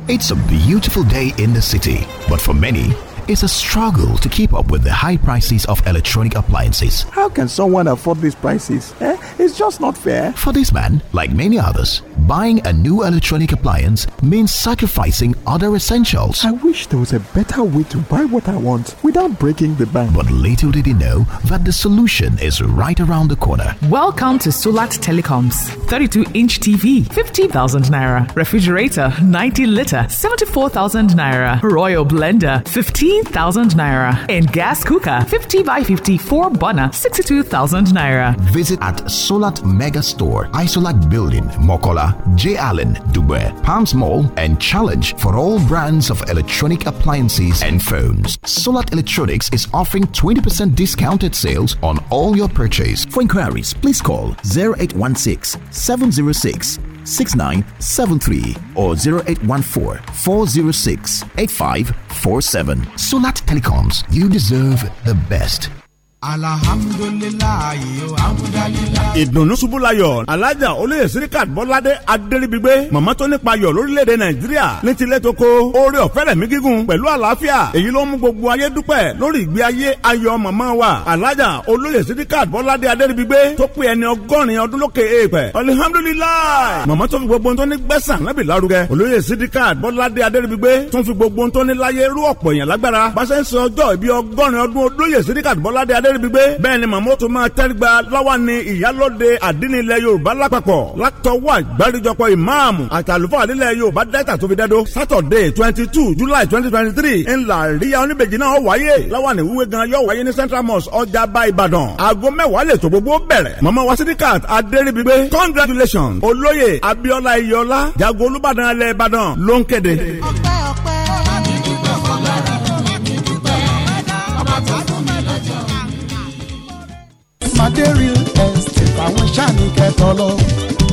It's a beautiful day in the city, but for many, it's a struggle to keep up with the high prices of electronic appliances. How can someone afford these prices? Eh? It's just not fair. For this man, like many others, buying a new electronic appliance means sacrificing other essentials. I wish there was a better way to buy what I want without breaking the bank. But little did he know that the solution is right around the corner. Welcome to Sulat Telecoms 32 inch TV, 50,000 naira. Refrigerator, 90 liter, 74,000 naira. Royal blender, 15 60,000 naira. In gas cooker, 50 by fifty four 4 burner, 62,000 naira. Visit at Solat Mega Store, Isolat Building, Mokola, J. Allen, Dubai, Palms Mall, and Challenge for all brands of electronic appliances and phones. Solat Electronics is offering 20% discounted sales on all your purchase. For inquiries, please call 0816 706 6973 or 0814 406 8547. Solat Telecoms, you deserve the best. alhamdulilayi o alhamdulilayi. ìdùnnú ṣubú layọ̀ alájà olóyè sirikat bọ́ládé adéríbigbé màmá tó nípa yọ̀ lórílẹ̀‐èdè nàìjíríà ní tilẹ̀ tó kó oore ọ̀fẹ́ rẹ̀ mí gígùn pẹ̀lú àlàáfíà èyí ló mú gbogbo ayé dúpẹ́ lórí ìgbé ayé ayọ̀ màmá wa alájà olóyè sirikat bọ́ládé adéríbigbé tó pé ẹni ọgọ́rin ọdún lókè èèpẹ̀ alhamdulilayi. màmá tó fi gbogbo tó ní gbẹ̀san nábì lárugẹ olóyè sirikat bọ́ládé adéríbigbé tó fi gbogbo tó ní láyé rú ọ̀pọ̀ èèyàn lágbára bá ṣe ń sọ ọjọ́ ìbí ọgọ́rin adẹ́rìbígbé bẹ́ẹ̀ ni màmú tó máa tẹ́rígba láwa ni ìyálóde àdínilẹ̀ yorùbá lápapọ̀ látọwọ́ àgbáríjọpọ̀ ìmáàmù àtàlùfọ́ àdínilẹ̀ yorùbá dẹ́ta tó fi dẹ́dọ́ sátọ̀dẹ̀ twenty two july twenty twenty three ńlá ríya oníbejì náà wáyé láwa ni wúwe gan yọ wáyé ní central mosque ọjà bá ìbàdàn aago mẹ́wàá lè tó gbogbo bẹ̀rẹ̀ màmá wa sidikat adẹ́rìbígbé congratulations olóyè abiola iyọlá jago olúbàdàn alẹ́ ìbàdàn ló ń kéde. máa dé real estate àwọn sáà ní kẹtọ lọ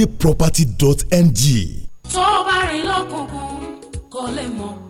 sunnybadeproperty.ng. tó bá rìn lọ́kùnkùn kò lè mọ̀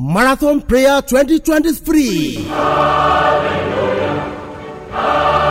Marathon Prayer 2023. Hallelujah. Hallelujah.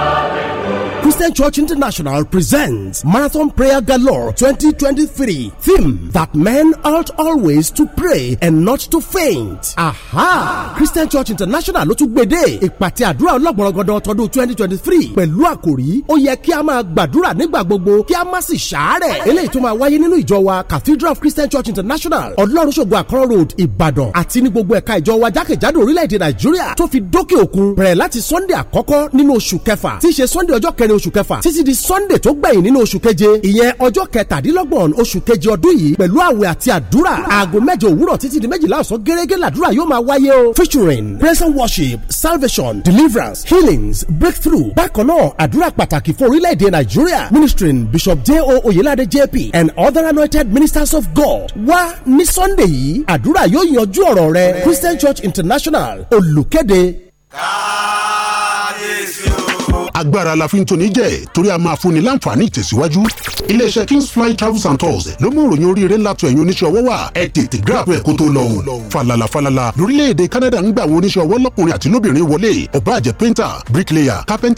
Christian Church International presents Marathon Prayer Galore 2023. Theme that men ought always to pray and not to faint. Aha! Christian Church International ló tún gbèdé ìpàtẹ àdúrà ọlọ́gbọ̀nrọ̀gbọ̀dọ̀ tọdún 2023 pẹ̀lú àkòrí ó yẹ kí a máa gbàdúrà nígbà gbogbo kí a má sì ṣàárẹ̀. Eléyìí tó máa wáyé nínú ìjọ wa Cathedral of Christian Church International Ọlọ́runṣògo Àkọ́rọ́ Road Ìbàdàn àti ní gbogbo ẹ̀ka ìjọ wa jákèjádò orílẹ̀-èdè Nàìjíríà tó fi dókè òkun bẹ̀rẹ̀ láti Sunday àkọ́kọ́ nínú oṣù kẹfà tí í ṣe Sunday ọjọ́ kẹrin oṣù oṣù kẹfà títí di sunday tó gbẹ̀yìn nínú oṣù keje ìyẹn ọjọ́ kẹtàdínlọ́gbọ̀n oṣù keje ọdún yìí pẹ̀lú àwẹ̀ àti àdúrà aago mẹ́jọ òwúrọ̀ títí di méjìlá ọ̀sán gẹ́gẹ́ làdúrà yóò máa wáyé o featuring praise and worship salvation deliverance healings breakthrough bákan náà àdúrà pàtàkì fún orílẹ̀-èdè nàìjíríà ministering bishop j o oyelade jp and other anointed ministers of god wá ní sunday yìí àdúrà yóò yanjú ọ̀rọ̀ rẹ christian church international olùkéde. káà agbára la fi ń toni jẹ́ torí a máa fúnni láǹfààní ìtẹ̀síwájú iléeṣẹ́ Kingsfly Travels and Tours ló mú ìròyìn oríire látọ̀ ẹ̀yin oníṣẹ́ ọwọ́ wá ẹ tètè gíráàpù ẹ̀ kó tó lọ o falala falala lórílẹ̀‐èdè Canada ń gba àwọn oníṣẹ́ ọwọ́ lọ́kùnrin àti lóbìnrin wọlé ó bá painter bricklayer carpenter